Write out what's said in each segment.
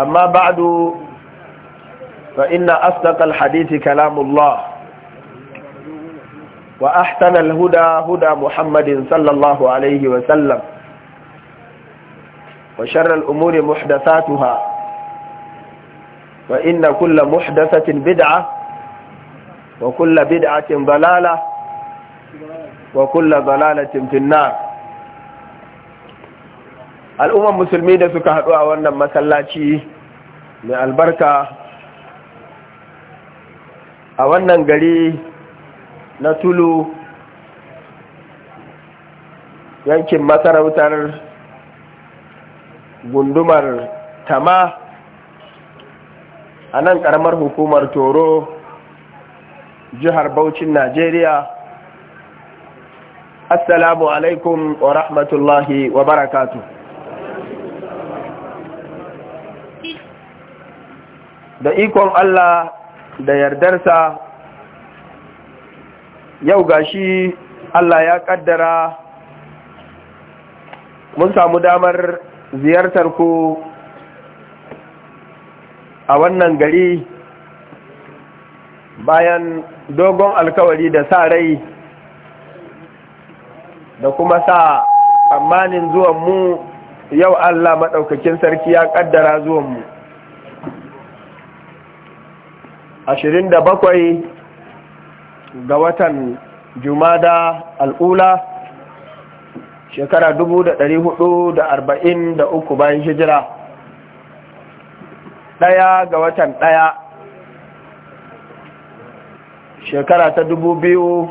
أما بعد فإن أصدق الحديث كلام الله وأحسن الهدى هدى محمد صلى الله عليه وسلم وشر الأمور محدثاتها فإن كل محدثة بدعة وكل بدعة ضلالة وكل ضلالة في النار al'umman musulmi da suka haɗu a wannan masallaci mai albarka a wannan gari na tulu yankin masarautar gundumar tama a nan ƙaramar hukumar toro jihar Bauchin Najeriya. Assalamu alaikum wa rahmatullahi wa barakatuh. da ikon Allah da yardarsa yau gashi Allah ya kaddara mun samu damar ziyartar ku a wannan gari bayan dogon alkawari da sa rai da kuma sa tsammanin zuwan mu yau Allah maɗaukakin sarki ya ƙaddara zuwan mu ashirin da bakwai ga watan jumada al'ula shekara dubu da ɗari hudu da arba'in da uku bayan hijira ɗaya ga watan ɗaya shekara ta dubu biyu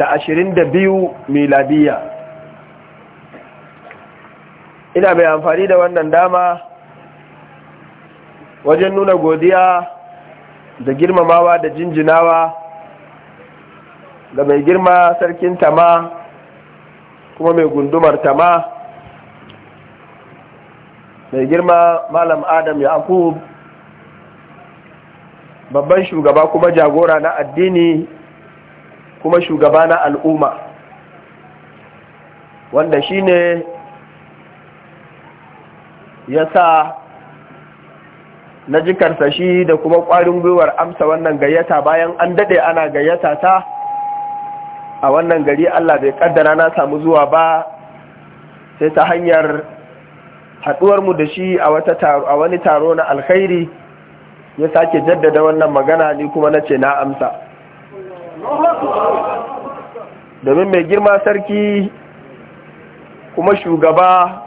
da ashirin da biyu miladiya ina mai amfani da wannan dama wajen nuna godiya da girmamawa da jinjinawa ga mai girma sarkin tama kuma mai gundumar tama mai girma malam adam yakub babban shugaba kuma jagora na addini kuma shugaba na al'umma wanda shine ya sa na jikarsa shi da kuma ƙwarin gwiwar amsa wannan gayyata bayan an daɗe ana gayyata ta a wannan gari Allah bai ƙaddara na samu zuwa ba sai ta hanyar haɗuwarmu da shi a wani taro na alkhairi ya sake jaddada wannan magana ni kuma na ce na amsa domin mai girma sarki kuma shugaba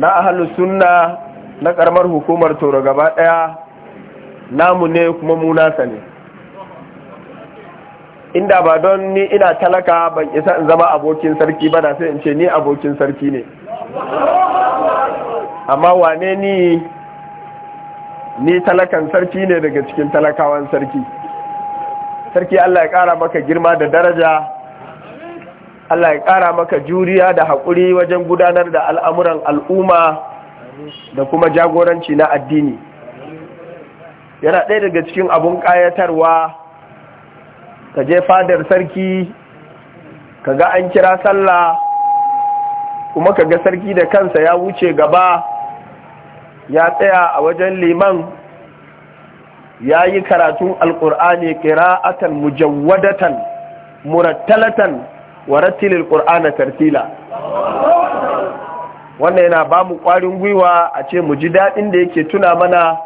na ahlus sunna na karamar hukumar toro gaba daya namu ne kuma munasa nasa ne inda ba don ni ina talaka ban isa in zama abokin sarki ba da sai in ce ni abokin sarki ne amma wane ni ni talakan sarki ne daga cikin talakawan sarki sarki Allah ya kara maka girma da daraja Allah ya ƙara maka juriya da haƙuri wajen gudanar da al'amuran al'umma da kuma jagoranci na addini yana ɗaya daga cikin abun ƙayatarwa ka je fadar sarki ka ga an kira sallah kuma ka ga sarki da kansa ya wuce gaba ya tsaya a wajen liman ya yi karatun alƙur'ani ƙira'atan mujawwadatan murattalatan wa rattilin ƙur'ana tartila wannan yana ba mu ƙwarin gwiwa a ce mu ji daɗin da yake tuna mana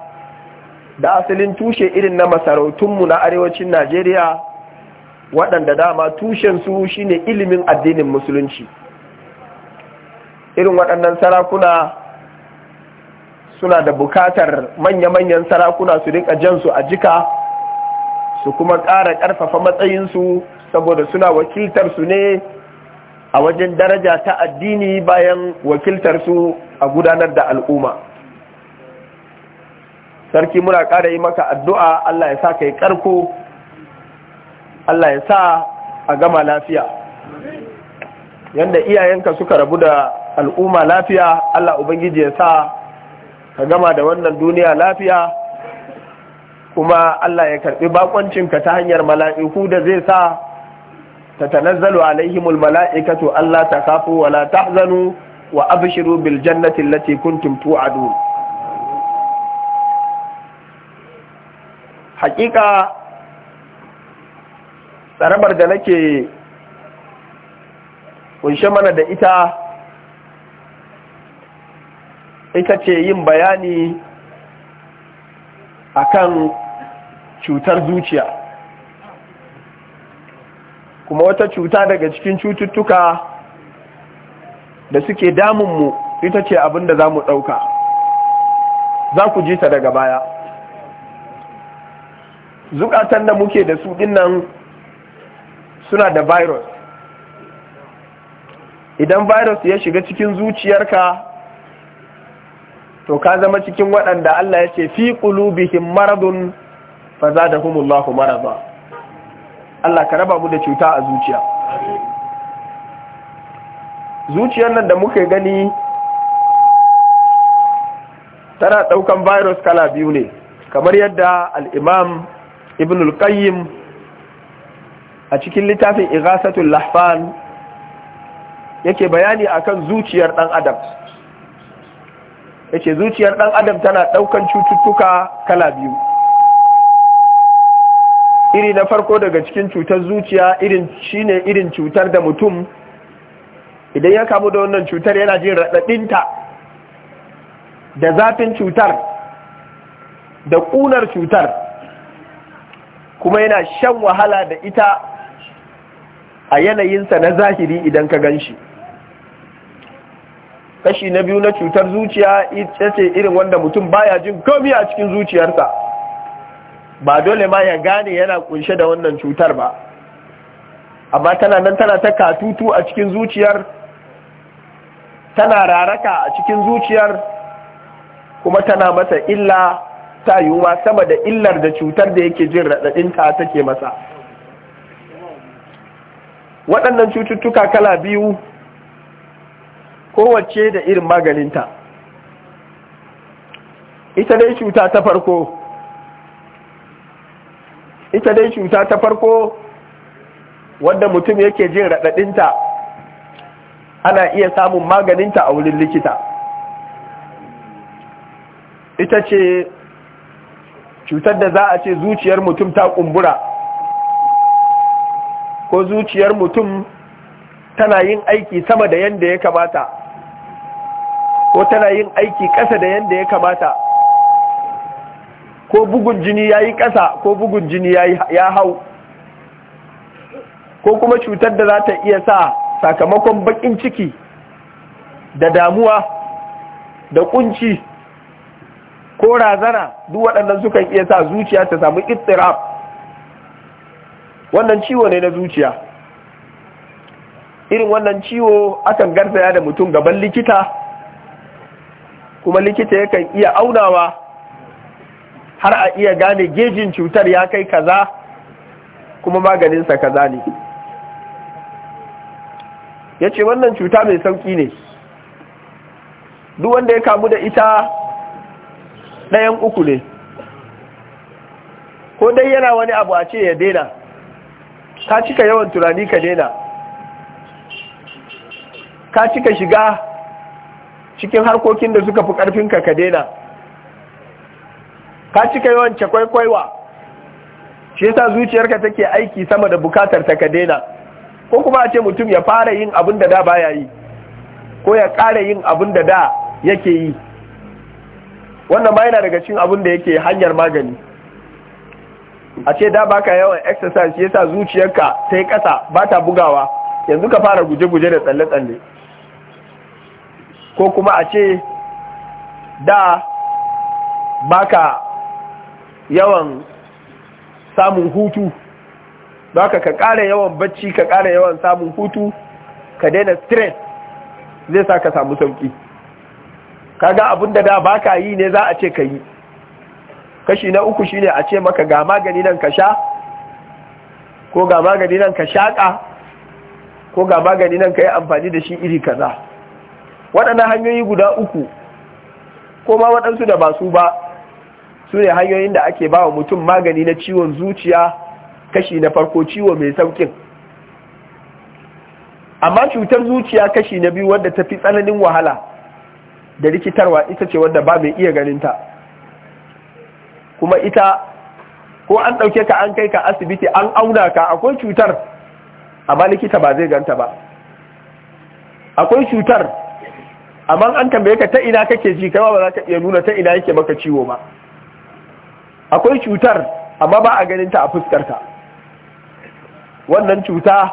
da asalin tushe irin na masarautunmu na arewacin najeriya waɗanda dama tushensu shine ilimin addinin musulunci irin waɗannan sarakuna suna da bukatar manya-manyan sarakuna su rika jansu a jika su kuma ƙara ƙarfafa matsayinsu saboda suna wakiltarsu ne a wajen daraja ta addini bayan wakiltar su a gudanar da al'umma sarki muna ƙara yi maka addu'a Allah ya sa ka yi ƙarko Allah ya sa a gama lafiya yadda iyayenka suka rabu da al'umma lafiya Allah Ubangiji ya sa ka gama da wannan duniya lafiya kuma Allah ya karɓi bakoncinka ta hanyar mala'iku da zai sa tatanazzalu alaihimul mala'ikatu alla takhafu wa tahzanu wa abshiru bil jannati allati kuntum tu'adun hakika tsarabar da nake kunshe mana da ita ita ce yin bayani akan cutar zuciya kuma wata cuta daga cikin cututtuka da suke damunmu ita ce abin da za mu ɗauka za ku ji ta daga baya zukatan da muke da su dinnan suna da virus idan virus ya shiga cikin zuciyarka to ka zama cikin waɗanda Allah ya ce fi ƙulubihin maradun fa za humullahu marada Allah ka raba mu da cuta a zuciya zuciyar nan da muke gani tana ɗaukan virus kala biyu ne kamar yadda al'imam ibn al-qayyim a cikin littafin igasatul lahfan yake bayani akan zuciyar ɗan adam yake zuciyar ɗan adam tana ɗaukan cututtuka kala biyu iri na farko daga cikin cutar zuciya irin shine irin cutar da mutum idan ya kamu da wannan cutar yana jin raɗaɗinta da zafin cutar da ƙunar cutar kuma yana shan wahala da ita a yanayinsa na zahiri idan ka gan shi kashi na biyu na cutar zuciya ita ce irin wanda mutum baya jin komi a cikin zuciyarsa ba dole ma ya gane yana kunshe da wannan cutar ba amma tana nan tana ta katutu a cikin zuciyar tana raraka a cikin zuciyar kuma tana masa illa ta yiwuwa sama da illar da cutar da yake jin raɗaɗinta take masa waɗannan cututtuka kala biyu kowace da irin maganinta ita dai cuta ta farko ita dai cuta ta farko wanda mutum yake jin raɗaɗinta ana iya samun maganinta a wurin likita ita ce cutar da za a ce zuciyar mutum ta kumbura ko zuciyar mutum tana yin aiki sama da yadda ya kamata ko tana yin aiki ƙasa da yadda ya kamata ko bugun jini ya yi ƙasa ko bugun jini ya hau ko kuma cutar da za ta iya sa sakamakon baƙin ciki da damuwa da ƙunci ko razana duk waɗannan sukan iya sa zuciya ta samu ittirab wannan ciwo ne na zuciya irin wannan ciwo akan garzaya da mutum gaban likita kuma likita yakan iya aunawa har a iya gane gejin cutar ya kai kaza kuma maganinsa kaza ne ya ce wannan cuta mai sauki ne duk wanda ya kamu da ita ɗayan uku ne ko dai yana wani abu a ce ya daina ka cika yawan tunani ka daina ka cika shiga cikin harkokin da suka fi ƙarfinka ka daina ka cika yawance cakwaikwaiwa shi yasa zuciyarka take aiki sama da bukatar ta ka daina ko kuma a ce mutum ya fara yin abin da da baya yi ko ya ƙara yin abin da da yake yi wannan ma yana daga cin abin da yake hanyar magani a ce da baka yawan exercise yasa zuciyarka ta yi ƙasa ba ta bugawa yanzu ka fara guje-guje da tsalle-tsalle ko kuma a ce da baka yawan samun hutu ba ka ƙara yawan bacci ka ƙara yawan samun hutu ka daina stress zai sa ka samu sauki ga abin da da baka yi ne za a ce ka yi kashi na uku shine a ce maka ga magani nan ka sha ko ga magani nan ka shaƙa ko ga magani nan ka yi amfani da shi iri kaza waɗannan hanyoyi guda uku ko ma waɗansu da ba su ba su ne hanyoyin da ake ba wa mutum magani na ciwon zuciya kashi na farko ciwo mai saukin amma cutar zuciya kashi na biyu wadda ta fi tsananin wahala da rikitarwa ita ce wadda ba mai iya ganinta kuma ita ko an ɗauke ka an kai ka asibiti an auna ka akwai cutar amma likita ba zai ganta ba akwai cutar amma an tambaye ka ta ina kake ji kai ba za ka iya nuna ta ina yake maka ciwo ba akwai cutar amma ba a ganin ta a fuskarta wannan cuta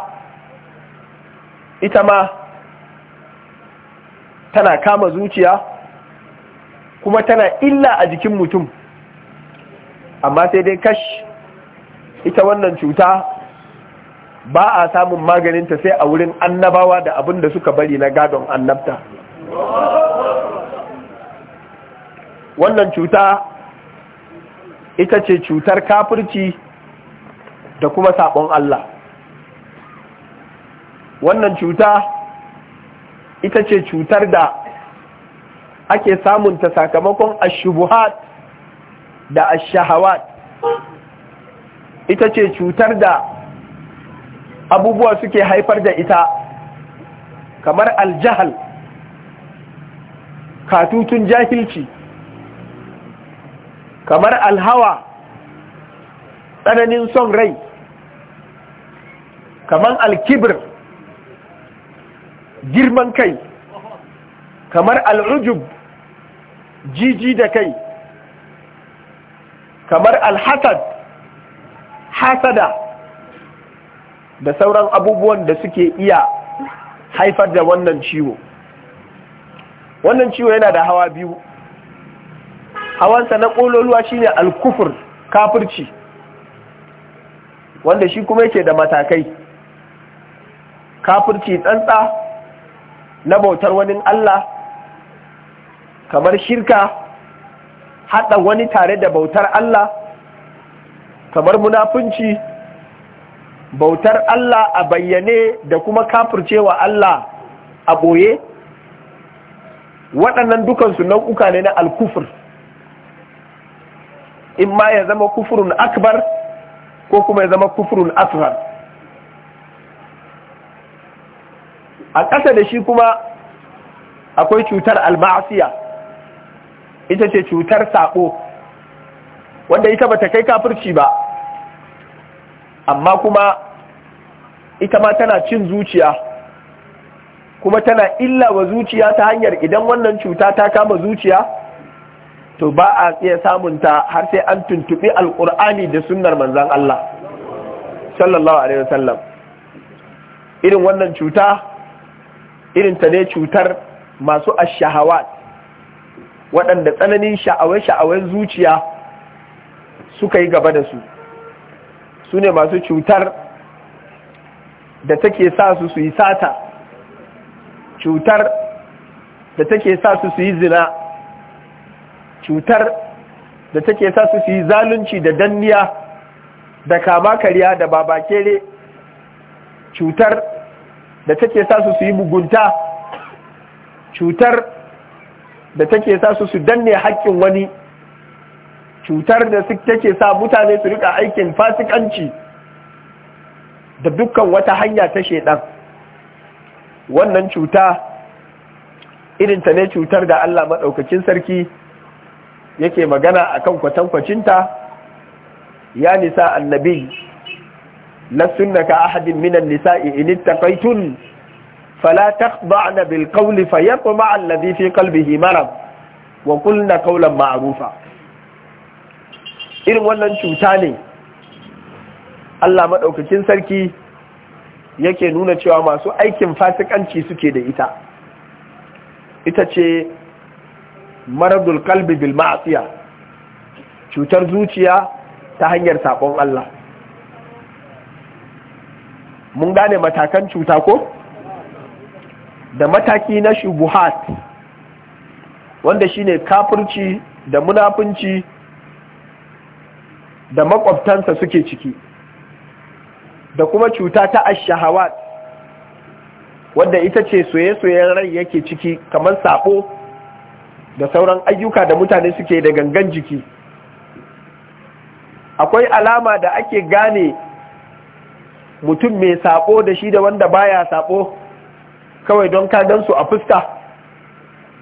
ita ma tana kama zuciya kuma tana illa a jikin mutum amma sai dai kash ita wannan cuta ba a samun maganinta sai a wurin annabawa da abin da suka bari na gadon annabta wannan cuta ita ce cutar kafirci da kuma saɓon Allah wannan cuta ita ce cutar da ake samunta sakamakon ashubuhat da ashahawat ita ce cutar da abubuwa suke haifar da ita kamar aljahal katutun jahilci kamar alhawa tsananin son rai kamar alkibir girman kai kamar al'ujub jiji da kai kamar alhasad hasada da sauran abubuwan da suke iya haifar da wannan ciwo wannan ciwo yana da hawa biyu hawansa na ƙololuwa shine alkufur kafirci wanda shi kuma yake da matakai kafirci tsantsa na bautar wani Allah kamar shirka haɗa wani tare da bautar Allah kamar munafunci bautar Allah a bayyane da kuma kafircewa Allah a ɓoye waɗannan dukansu nau'uka ne na alkufur in ma ya zama kufurun akbar ko kuma ya zama kufurun asghar a ƙasa da shi kuma akwai cutar almasiya ita ce cutar saɓo wanda ita ba ta kai kafirci ba amma kuma ita ma tana cin zuciya kuma tana illa wa zuciya ta hanyar idan wannan cuta ta kama zuciya to ba a iya ta har sai an tuntuɓi alƙur'ani da sunnar manzan Allah sallallahu alaihi wasallam irin wannan cuta irin ta ne cutar masu ashahawa waɗanda tsananin sha'awai-sha'awai zuciya suka yi gaba da su su ne masu cutar da take sa su su yi sata cutar da take sa su su yi zina cutar da take sa su yi zalunci da danniya da kama kariya da babakere cutar da take sa su yi mugunta cutar da take sa su su danne haƙƙin wani cutar da take sa mutane su rika aikin fasikanci da dukkan wata hanya ta shaidan wannan cuta irinta ne cutar da Allah maɗaukakin sarki yake magana a kan kwatankwacinta ya nisa annabi lastunna ka ahadin minan nisa'i in ittaqaytun fala taqda'na bil qawli fayatma alladhi fi qalbihi wa kulna qawlan maarufa. irin wannan cuta ne Allah maɗaukakin sarki yake nuna cewa masu aikin fasikanci suke da ita ita ce maradul kalbi bil ma'asiya cutar zuciya ta hanyar sakon Allah mun gane matakan cuta ko da mataki na shubuhat wanda shine kafirci da munafunci da makwabtansa suke ciki da kuma cuta ta ashahawat wanda ita ce soye-soyen rai yake ciki kamar saƙo. da sauran ayyuka da mutane suke da gangan jiki akwai alama da ake gane mutum mai saɓo da shi da wanda baya saɓo kawai don ka su a fuska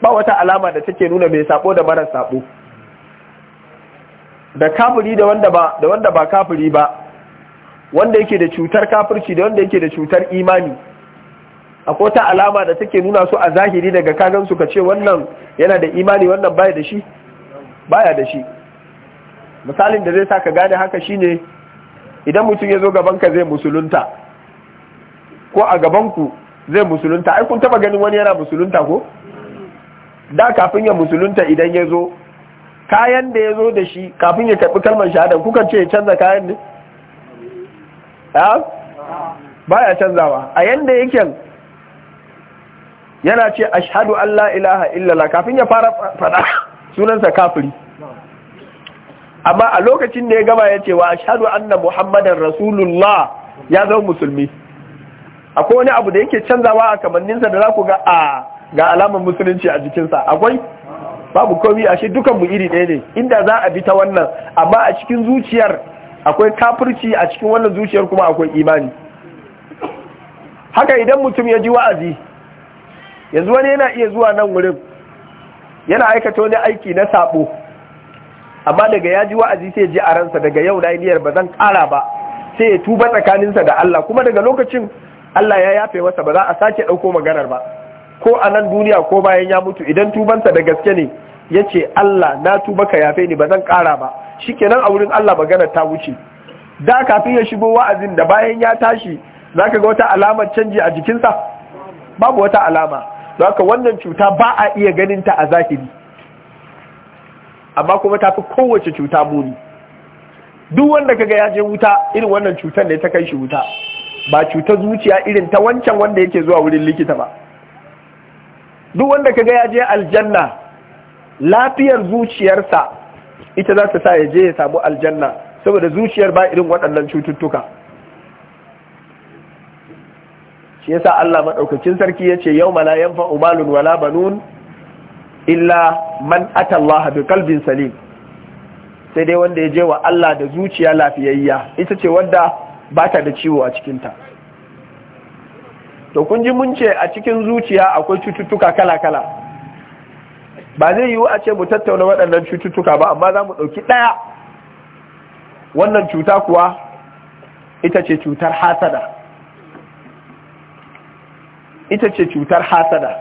ba wata alama da take nuna mai sabo da mara sabo da kafiri da wanda ba da wanda ba kafiri ba wanda yake da cutar kafirci da wanda yake da cutar imani akwai wata alama da take nuna su a zahiri daga kagan su ka ce wannan yana da imani wannan baya da shi baya da shi misalin da zai sa ka gane haka shine idan mutum ya zo gabanka zai musulunta ko a gabanku zai musulunta ai kun taba ganin wani yana musulunta ko da kafin ya musulunta idan ya zo kayan da ya zo da shi kafin ya karɓi kalmar shahada kuka ce ya canza kayan ne? ha baya canzawa a yanda yake yana ce ashhadu Allah ilaha illala kafin ya fara fada sunansa kafiri amma a lokacin da ya gaba ya ce wa ashhadu anna muhammadan rasulullah ya zama musulmi akwai wani abu da yake canzawa a kamanninsa da za ku ga a ga alamar musulunci a jikinsa akwai babu komi a shi dukanmu iri ɗaya ne inda za a bi ta wannan amma a cikin zuciyar akwai kafirci a cikin wannan zuciyar kuma akwai imani haka idan mutum ya ji wa'azi yanzu wani yana iya zuwa nan wurin yana aikata wani aiki na sabo amma daga ya ji wa'azi sai ji a ransa daga yau na niyyar ba zan ƙara ba sai ya tuba tsakaninsa da Allah kuma daga lokacin Allah ya yafe masa ba za a sake ɗauko maganar ba ko a nan duniya ko bayan ya mutu idan tubansa da gaske ne ya ce Allah na tuba ka yafe ni ba zan ƙara ba shi kenan a wurin Allah maganar ta wuce da kafin ya shigo wa'azin da bayan ya tashi zaka ga wata alamar canji a jikinsa babu wata alama haka wannan cuta ba a iya ganin ta a zahiri amma kuma ta fi kowace cuta muni duk wanda kaga ya je wuta irin wannan cutar ne ta kai shi wuta ba cutar zuciya irin ta wancan wanda yake zuwa wurin likita ba duk wanda kaga ya je aljanna lafiyar zuciyarsa ita za ta sa ya je ya samu aljanna saboda zuciyar ba irin waɗannan cututtuka shi yasa Allah madaukakin sarki yace yau mala yanfa umalun wala banun illa man ata Allah bi qalbin salim sai dai wanda ya je wa Allah da zuciya lafiyayya ita ce wanda ba ta da ciwo a cikinta to kun ji mun ce a cikin zuciya akwai cututtuka kala-kala ba zai yiwu a ce mu tattauna waɗannan cututtuka ba amma za mu ɗauki ɗaya wannan cuta kuwa ita ce cutar hasada ita ce cutar hasada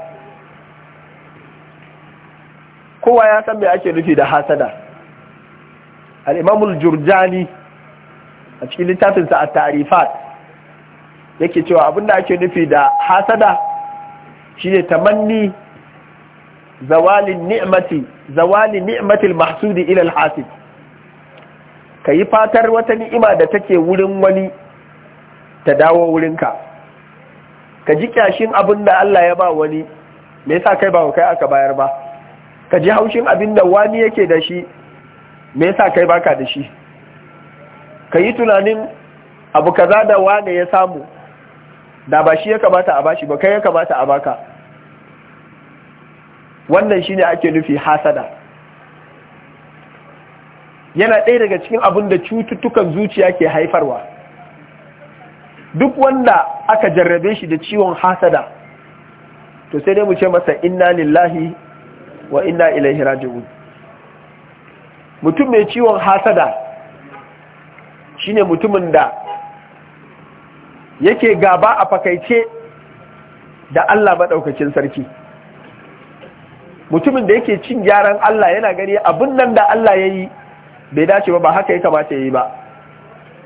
kowa ya san me ake nufi da hasada alimamul jurjani a cikin littafinsa a tarifat yake cewa abinda ake nufi da hasada shine tamanni zawalin ni'mati zawalin ni'matil mahsudi ilal hasid ka kayi fatar wata ni'ima da take wurin wani ta dawo wurinka ka ji kyashin abin da Allah ya ba wani me yasa kai ba kai aka bayar ba ka ji haushin abin da wani yake da shi me yasa kai baka da shi ka yi tunanin abu kaza da wani ya samu da ba shi ya kamata a bashi ba kai ya kamata a baka wannan shine ake nufi hasada yana ɗaya daga cikin abin da cututtukan zuciya ke haifarwa duk wanda aka jarrabe shi da ciwon hasada to sai dai mu ce masa inna lillahi wa inna ilaihi raji'un mutum mai ciwon hasada shine mutumin da yake gaba a fakaice da Allah madaukakin sarki mutumin da yake cin gyaran Allah yana gani abun nan da Allah ya yi bai dace ba ba haka ya kamata ya yi ba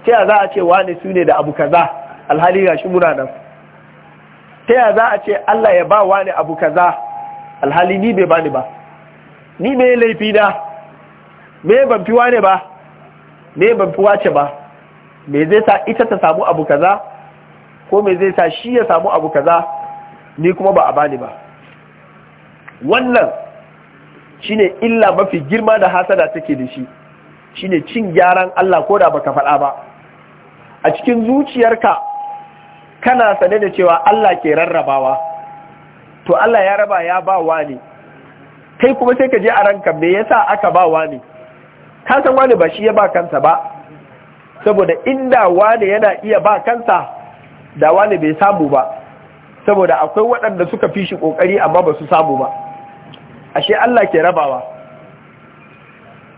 ta za a ce wane su ne da abu kaza alhali shi muna nan ta yaya za a ce Allah ya ba wani abu kaza alhali ni bai ni ba ni mai laifi na me ban fi ba me ban fi wace ba me zai sa ita ta samu abu kaza ko me zai sa shi ya samu abu kaza ni kuma ba a bani ba wannan shine illa mafi girma da hasada take da shi Shi ne cin gyaran Allah ko da baka faɗa ba a cikin zuciyarka kana sane da cewa Allah ke rarrabawa to Allah ya raba ya ba ne. kai kuma sai ka je a ranka me yasa aka ba wani ka san wani ba shi ya ba kansa ba saboda inda wani yana iya ba kansa da wani bai samu ba saboda akwai waɗanda suka fi shi ƙoƙari amma ba su samu ba ashe Allah ke rabawa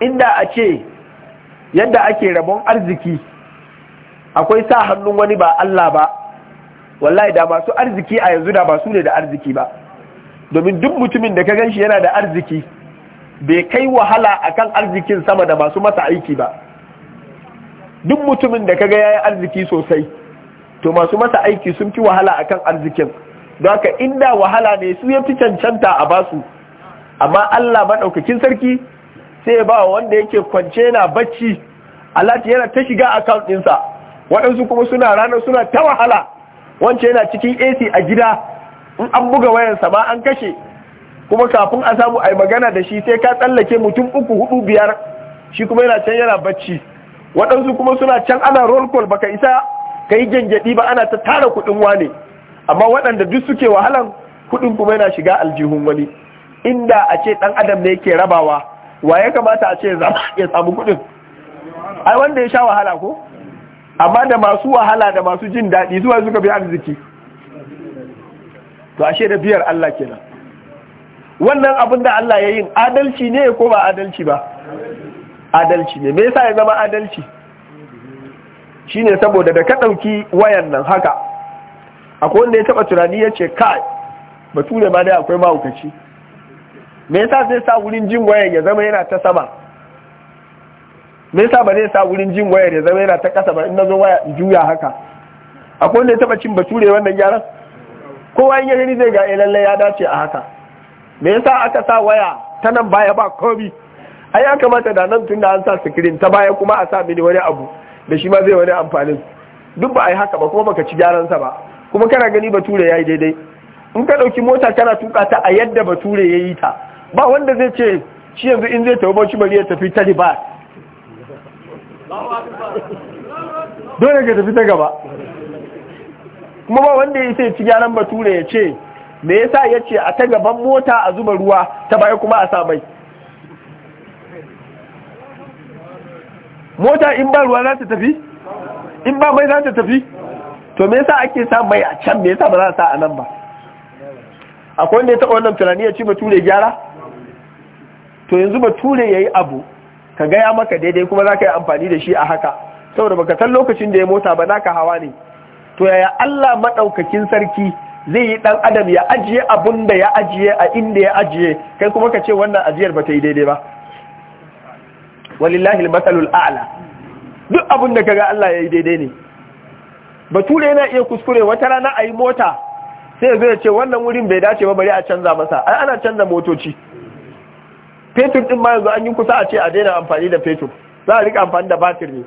inda a ce yadda ake rabon arziki akwai sa hannun wani ba Allah ba wallahi da masu arziki a yanzu da ba ne da arziki ba domin duk mutumin da ka gan shi yana da arziki bai kai wahala akan arzikin sama da masu masa aiki ba duk mutumin da kaga yayi arziki sosai to masu masa aiki sun fi wahala akan arzikin don haka inda wahala ne su ya fi cancanta a basu amma Allah maɗaukakin sarki sai ya ba wanda yake kwance na bacci Allah yana ta shiga account ɗinsa waɗansu kuma suna ranar suna ta wahala wance yana cikin AC a gida in an buga wayansa ba an kashe kuma kafin a samu ai magana da shi sai ka tsallake mutum uku hudu biyar shi kuma yana can yana bacci waɗansu kuma suna can ana roll call baka isa ka yi gyangyaɗi ba ana ta tara kuɗin wane amma waɗanda duk suke wahalan kuɗin kuma yana shiga aljihun wani inda a ce ɗan adam ne yake rabawa wa ya kamata a ce ya samu kuɗin ai wanda ya sha wahala ko amma da masu wahala da masu jin daɗi zuwa suka biya arziki to ashe da biyar Allah kenan wannan abin da Allah ya yi adalci ne ko ba adalci ba adalci ne me yasa ya zama adalci shine saboda da ka ɗauki wayan nan haka akwai wanda ya taba tunani ya ce ba bature ma dai akwai mahaukaci me yasa zai sa wurin jin wayan ya zama yana ta sama me yasa ba zai sa wurin jin wayar ya zama yana ta kasa ba in na zo waya in juya haka akwai wanda ya taba cin bature wannan gyaran kowa in yi zai ga eh lalle ya dace a haka me yasa aka sa waya ta nan baya ba kobi ai ya kamata da nan tun da an sa sikirin ta baya kuma a sa mini wani abu da shi ma zai wani amfanin duk ba a yi haka ba kuma baka ci gyaran sa ba kuma kana gani bature yi daidai in ka ɗauki mota kana tuka ta a yadda bature yi ta ba wanda zai ce shi yanzu in zai tafi bauchi bari ya tafi talibat dole ka tafi ta gaba kuma ba wanda ya ce ci gyaran bature ya ce me yasa ya ce a ta gaban mota a zuba ruwa ta baya kuma a sa mai mota in ba ruwa za ta tafi in ba mai za ta tafi to me yasa ake sa mai a can me yasa ba za a sa a nan ba akwai wanda ya taɓa wannan tunani ya ci bature gyara to yanzu bature ya yi abu ka gaya maka daidai kuma za ka yi amfani da shi a haka saboda baka san lokacin da ya mota ba ka hawa ne to yaya Allah maɗaukakin sarki zai yi ɗan adam ya ajiye abun da ya ajiye a inda ya ajiye kai kuma ka ce wannan ajiyar ba ta yi daidai ba walillahi masalul a'la duk abun da ga Allah ya yi daidai ne bature yana iya kuskure wata rana a yi mota sai ya ce wannan wurin bai dace ba bari a canza masa ai ana canza motoci fetur ɗin ma yanzu an yi kusa a ce a daina amfani da fetur za a rika amfani da batir ne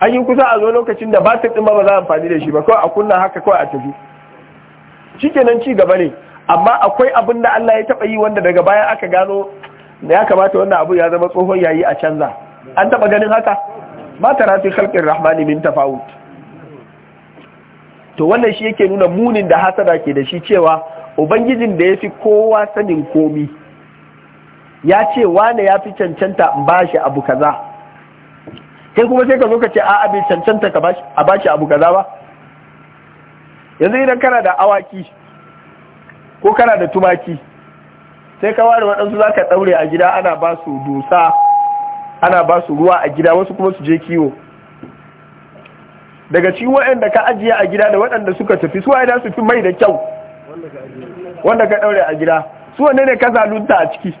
an yi kusa a zo lokacin da batir ɗin ma ba za a amfani da shi ba kawai a kunna haka kawai a tafi shikenan ci gaba ne amma akwai abin da Allah ya taɓa yi wanda daga bayan aka gano da ya kamata wannan abu ya zama tsohon yayi a canza an taɓa ganin haka ma tara fi khalqir rahmani min tafawut to wannan shi yake nuna munin da hasada ke da shi cewa ubangijin da ya fi kowa sanin komi ya ce wane ya fi cancanta ba shi abu kaza kai kuma sai ka zo ka ce a bai cancanta a ba shi abu kaza ba yanzu idan kana da awaki ko kana da tumaki sai ka ware waɗansu za ka ɗaure a gida ana ba su dusa ana ba su ruwa a gida wasu kuma su je kiwo daga ci waɗanda ka ajiye a gida da waɗanda suka tafi su waɗanda su fi mai da kyau wanda ka daure a gida su wanne ne ka zalunta a ciki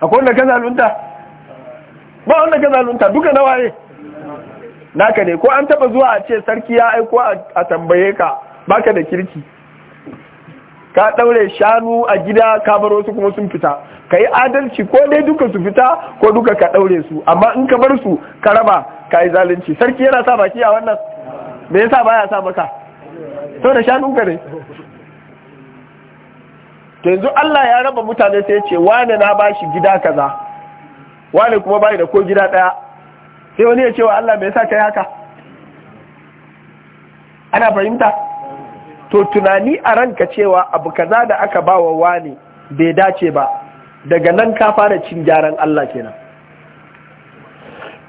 akwai wanda ka zalunta ba wanda ka zalunta duka na waye naka ne ko an taba zuwa a ce sarki ya aiko a tambaye ka baka da kirki ka daure shanu a gida ka baro su kuma sun fita ka yi adalci ko dai duka su fita ko duka ka daure su amma in ka bar su ka raba ka yi zalunci sarki yana sa baki a wannan me yasa baya sa maka to da shanun ne yanzu Allah ya raba mutane sai ce wane na ba shi gida kaza wane kuma bai da ko gida daya sai wani ya ce wa Allah me yasa kai haka ana fahimta to tunani a ranka cewa abu kaza da aka bawa wane bai dace ba daga nan ka fara cin gyaran Allah kenan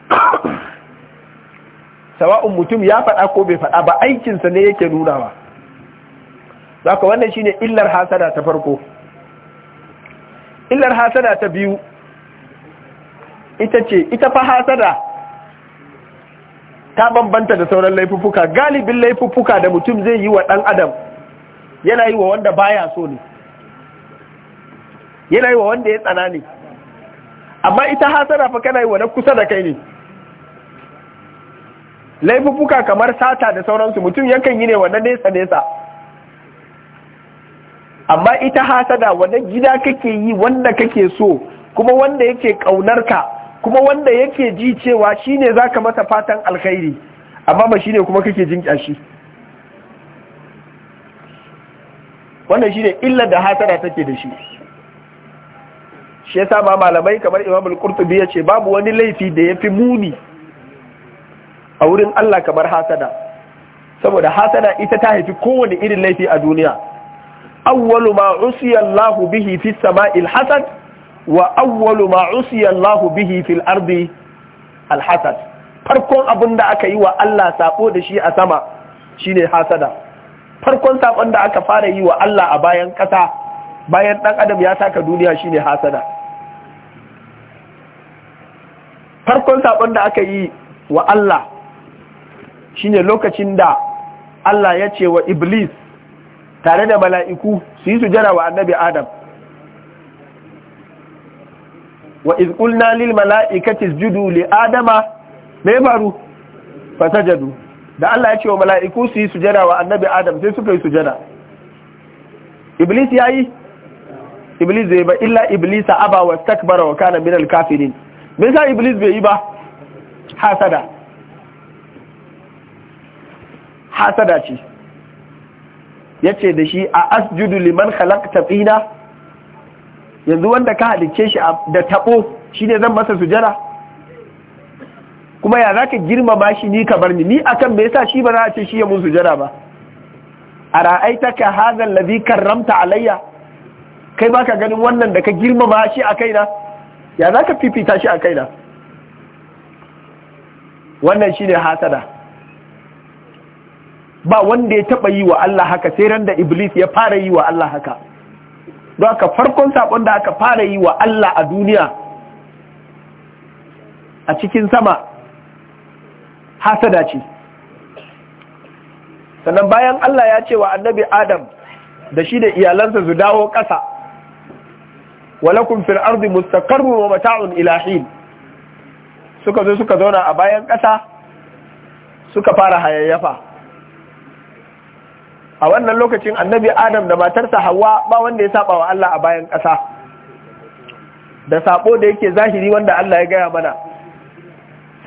sawa'un mutum ya faɗa ko bai faɗa ba aikinsa ne yake nunawa Zaka wannan shine illar hasada ta farko illar hasada ta biyu ita ce ita fa hasada ta bambanta da sauran laifuffuka galibin laifuffuka da mutum zai yi wa ɗan adam yana yi wa wanda baya so ne yana yi wa wanda ya tsana ne amma ita hasada fa kana yi wa na kusa da kai ne laifuffuka kamar sata da sauransu mutum yankan yi ne wa na nesa nesa amma ita hasada wanda gida kake yi wanda kake so kuma wanda yake ƙaunarka kuma wanda yake ji cewa shine zaka masa fatan alkhairi amma ba shine kuma kake jin kyashi wannan shine illar da hasada take da shi shi ya ma malamai kamar Imam al-Qurtubi ce babu wani laifi da ya fi muni a wurin Allah kamar hasada saboda hasada ita ta haifi kowane irin laifi a duniya awwalu ma usiya Allah bihi fi al hasad wa awwalu ma usiya Allah bihi al ardi al hasad farkon abunda aka yi wa Allah sako da shi a sama shine hasada farkon sakon da aka fara yi wa Allah a bayan kasa bayan dan adam ya taka duniya shine hasada farkon sakon da aka yi wa Allah shine lokacin da Allah ya ce wa iblis tare da mala'iku su yi sujada wa annabi adam wa iz qulna lil mala'ikati judu li adama mai faru fasajadu da Allah ya ce wa mala'iku su yi sujada wa annabi adam sai suka yi sujada iblis ya yi? iblis zai ba illa iblis aba wa takbara wa kana minal kafirin me sa iblis bai yi ba hasada hasada ce Ya ce da shi a asjudu liman khalaqta fina yanzu wanda ka halicce shi da tabo shine zan masa sujada kuma ya zaka girmama shi ni ka bar ni ni akan me yasa shi ba za a ce shi ya mun sujada ba ara'aitaka hadha alladhi karramta alayya kai baka ganin wannan da ka girmama shi a kaina ya zaka fifita shi a kaina wannan shine hasada ba wanda ya taba yi wa Allah haka sai ran da iblis ya fara yi wa Allah haka don haka farkon saƙon da aka fara yi wa Allah a duniya a cikin sama hasada ce sannan bayan Allah ya ce wa annabi Adam da shi da iyalansa su dawo ƙasa walakun fil ardi mustaqarrun wa mata'un ilahin suka zo suka zauna a bayan ƙasa suka fara hayayyafa a wannan lokacin annabi adam da matarsa hawa ba wanda ya saba wa Allah a bayan ƙasa da sabo da yake zahiri wanda Allah ya gaya mana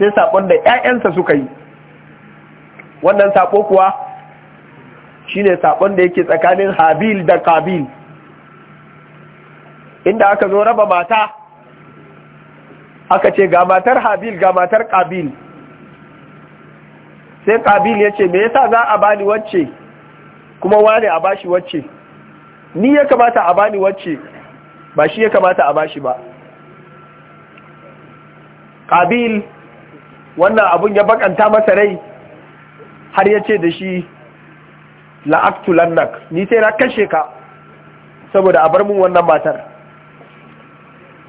sai sabon da 'ya'yansa suka yi wannan sabo kuwa shi ne sabon da yake tsakanin Habil da Kabil inda aka zo raba mata aka ce ga matar Habil ga matar Kabil sai Kabil ya ce me yasa za a bani wacce kuma wane a bashi wacce ni ya kamata a bani wacce ba shi ya kamata a bashi ba ƙabil wannan abun ya bakanta masa rai har ya ce da shi la'aktulannak ni sai na kashe ka saboda a bar mun wannan matar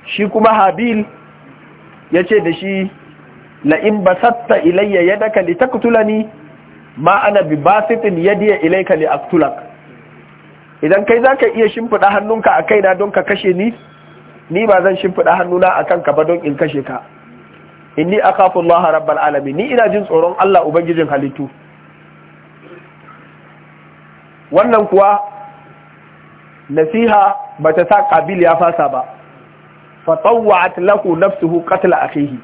shi kuma habil ya ce da shi la'in basatta ilayya litakutula ni. ma ana bi basitin yadiya ilaika li aktulak idan kai za ka iya shimfida hannunka a kaina don ka kashe ni ni ba zan shimfida hannuna a kanka ba don in kashe ka inni kafin laha rabbal alami. ni ina jin tsoron Allah ubangijin halittu wannan kuwa nasiha bata sa ƙabil ya fasa ba fa tawwa'at lahu nafsuhu qatl akhihi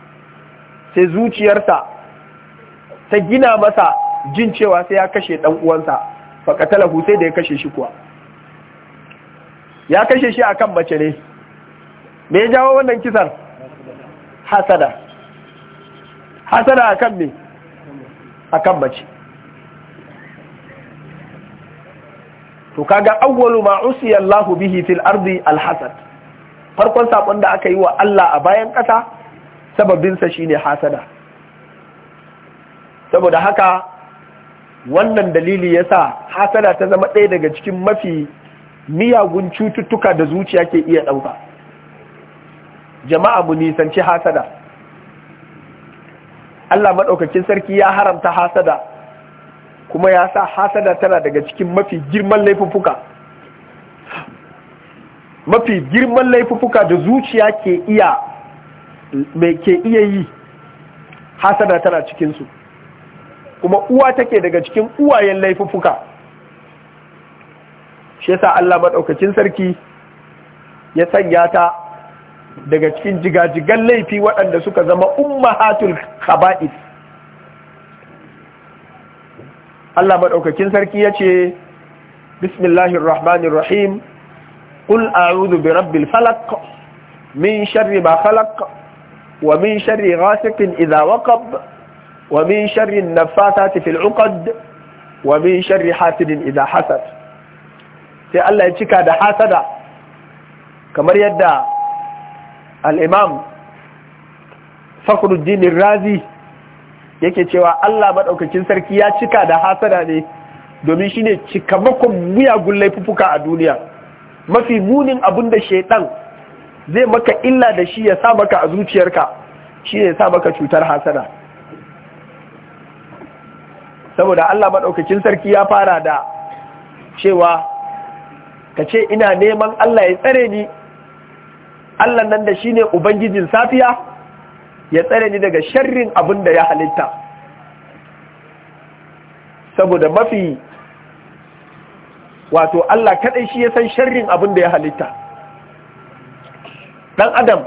sai zuciyarsa ta gina masa jin cewa sai ya kashe dan uwansa faqatalahu sai da ya kashe shi kuwa ya kashe shi akan mace ne me ya jawo wannan kisan hasada hasada akan me akan mace to kaga awwalu ma usiya Allah bihi fil ardi al hasad farkon sakon da aka yi wa Allah a bayan kasa sababinsa shine hasada saboda haka wannan dalili ya sa hasada ta zama ɗaya daga cikin mafi miyagun cututtuka da zuciya ke iya ɗauka jama'a mu nisanci hasada Allah maɗaukakin sarki ya haramta hasada kuma ya sa hasada tana daga cikin mafi girman laifuffuka mafi girman laifuffuka da zuciya ke ke iya yi hasada tana cikinsu kuma uwa take daga cikin uwayen laifuffuka shi yasa Allah Maɗaukacin sarki ya sanya ta daga cikin jigajigan laifi waɗanda suka zama ummahatul khaba'is Allah Maɗaukacin sarki ya ce bismillahir rahmanir rahim qul a'udhu birabbil falak. min sharri ba falak wa min sharri ghasiqin idha wa شر النفاثات في العقد ومن wa حاسد sharri حسد idha الله sai Allah ya cika da hasada kamar yadda al-imam yake cewa Allah maɗaukacin sarki ya cika da hasada ne domin shine cikamakon miyagun laifuka a duniya mafi munin abun da shaiɗan zai maka illa da shi ya sa maka a zuciyarka shi ne ya sa maka cutar hasada saboda Allah maɗaukacin sarki ya fara da cewa ka ce ina neman Allah ya tsare ni Allah nan da shi ne Ubangijin safiya ya tsare ni daga sharrin abin da ya halitta saboda mafi wato Allah kaɗai shi ya san sharrin abin da ya halitta ɗan adam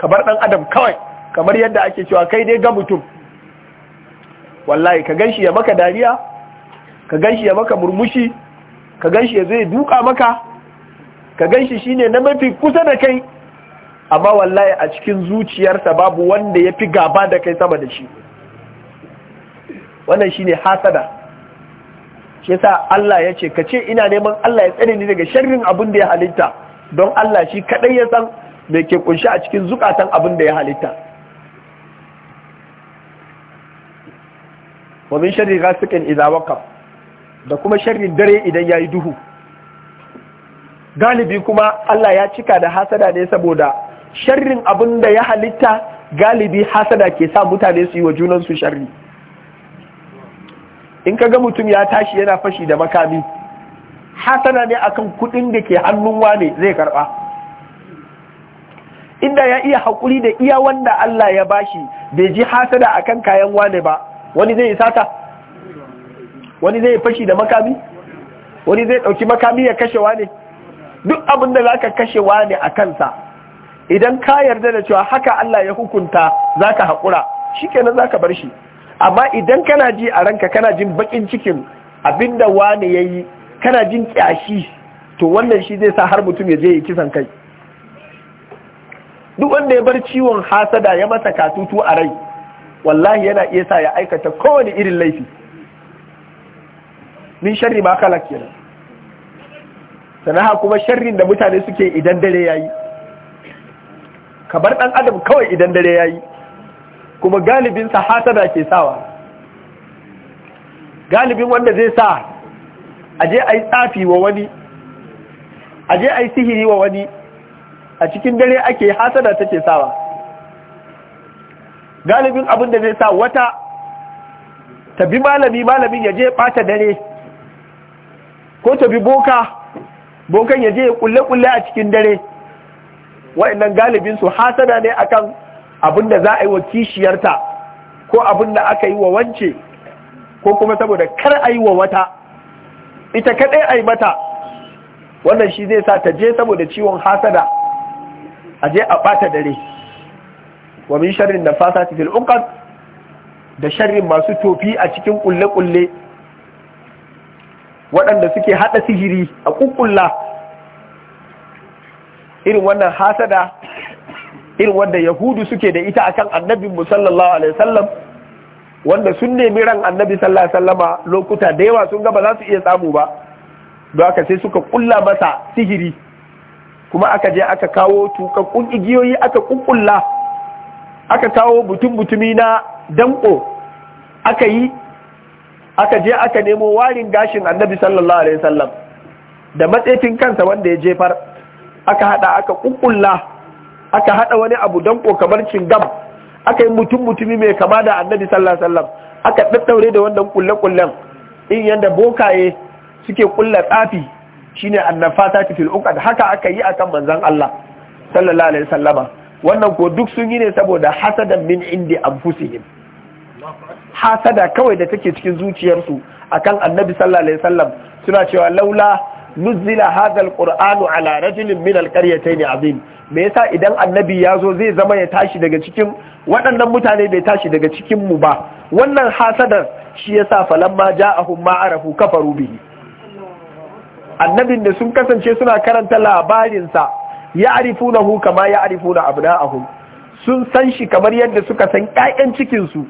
kamar ɗan adam kawai kamar yadda ake cewa kai dai ga mutum wallahi ka ganshi ya maka dariya ka ganshi ya maka murmushi ka ganshi ya zai duka maka ka ganshi shine na mafi kusa da kai amma wallahi a cikin zuciyarsa babu wanda ya fi gaba da kai sama da shi wannan shine hasada shi yasa Allah ya ce ka ce ina neman Allah ya tsare ni daga sharrin abin da ya halitta don Allah shi kaɗai ya san me ke kunshi a cikin zukatan abin da ya halitta wa min sharri ghasiqin idza waqab da kuma sharrin dare idan yayi duhu galibi kuma Allah ya cika da hasada ne saboda sharrin abin da ya halitta galibi hasada ke sa mutane su yi wa su sharri in ka ga mutum ya tashi yana fashi da makami hasada ne akan kudin da ke hannun wane zai karba inda ya iya hakuri da iya wanda Allah ya bashi bai ji hasada akan kayan wane ba wani zai isata wani zai fashi da makami wani zai dauki makami ya kashe wane duk abin da zaka kashewa ne a kansa idan ka yarda da cewa haka Allah ya hukunta zaka hakura shikenan zaka bar shi amma idan kana ji a ranka kana jin bakin cikin abinda wani yayi kana jin kyashi to wannan shi zai sa har mutum ya je ya kisan kai duk wanda ya bar ciwon hasada ya masa katutu a rai wallahi yana iya sa ya aikata kowane irin laifi min sharri ma kala kenan sanaha kuma sharrin da mutane suke idan dare yayi kabar dan adam kawai idan dare yayi kuma galibin sa hasada ke sawa galibin wanda zai sa aje ayi tsafi wa wani aje ayi sihiri wa wani a cikin dare ake hasada take sawa galibin abin da zai sa wata ta bi malami malamin ya je ɓata dare ko ta bi boka bokan ya je ya kulle-kulle a cikin dare wa'annan galibin su hasada ne akan abin da za a yi wa kishiyarta ko abin da aka yi wa wance ko kuma saboda kar a yi wa wata ita kaɗai a yi mata wannan shi zai sa ta je saboda ciwon hasada a je a ɓata dare wa min sharrin nafasati fil uqad da sharrin masu tofi a cikin ƙulle-ƙulle waɗanda suke haɗa sihiri a ƙuƙulla irin wannan hasada irin wanda yahudu suke da ita akan annabin mu alaihi wasallam wanda sun nemi ran annabi sallallahu alaihi wasallama lokuta da yawa sun ga ba za su iya samu ba don haka sai suka ƙulla masa sihiri kuma aka je aka kawo tukakkun igiyoyi aka ƙuƙulla aka kawo butun butumi na danko aka yi aka je aka nemo warin gashin annabi sallallahu alaihi wasallam da matsefin kansa wanda ya jefar aka hada aka kukkulla aka hada wani abu danko kamar cingam aka yi mutum mutumi mai kama da annabi sallallahu alaihi wasallam aka daddaure da wannan kulle kullen in yanda bokaye suke kulla tsafi shine annafata fil uqad haka aka yi akan manzon Allah sallallahu alaihi wasallama wannan ko duk sun yi ne saboda hasada min indi anfusihim hasada kawai da take cikin zuciyarsu akan annabi sallallahu alaihi wasallam suna cewa laula nuzila hadha alqur'anu ala rajulin min alqaryatayn azim me yasa idan annabi ya zo zai zama ya tashi daga cikin waɗannan mutane bai tashi daga cikin mu ba wannan hasadar shi yasa falamma ja'ahum ma arafu kafaru bihi annabin da sun kasance suna karanta labarinsa ya'rifunahu kama ya'rifuna ahu, sun san shi kamar yadda suka san ƴaƴan cikinsu. su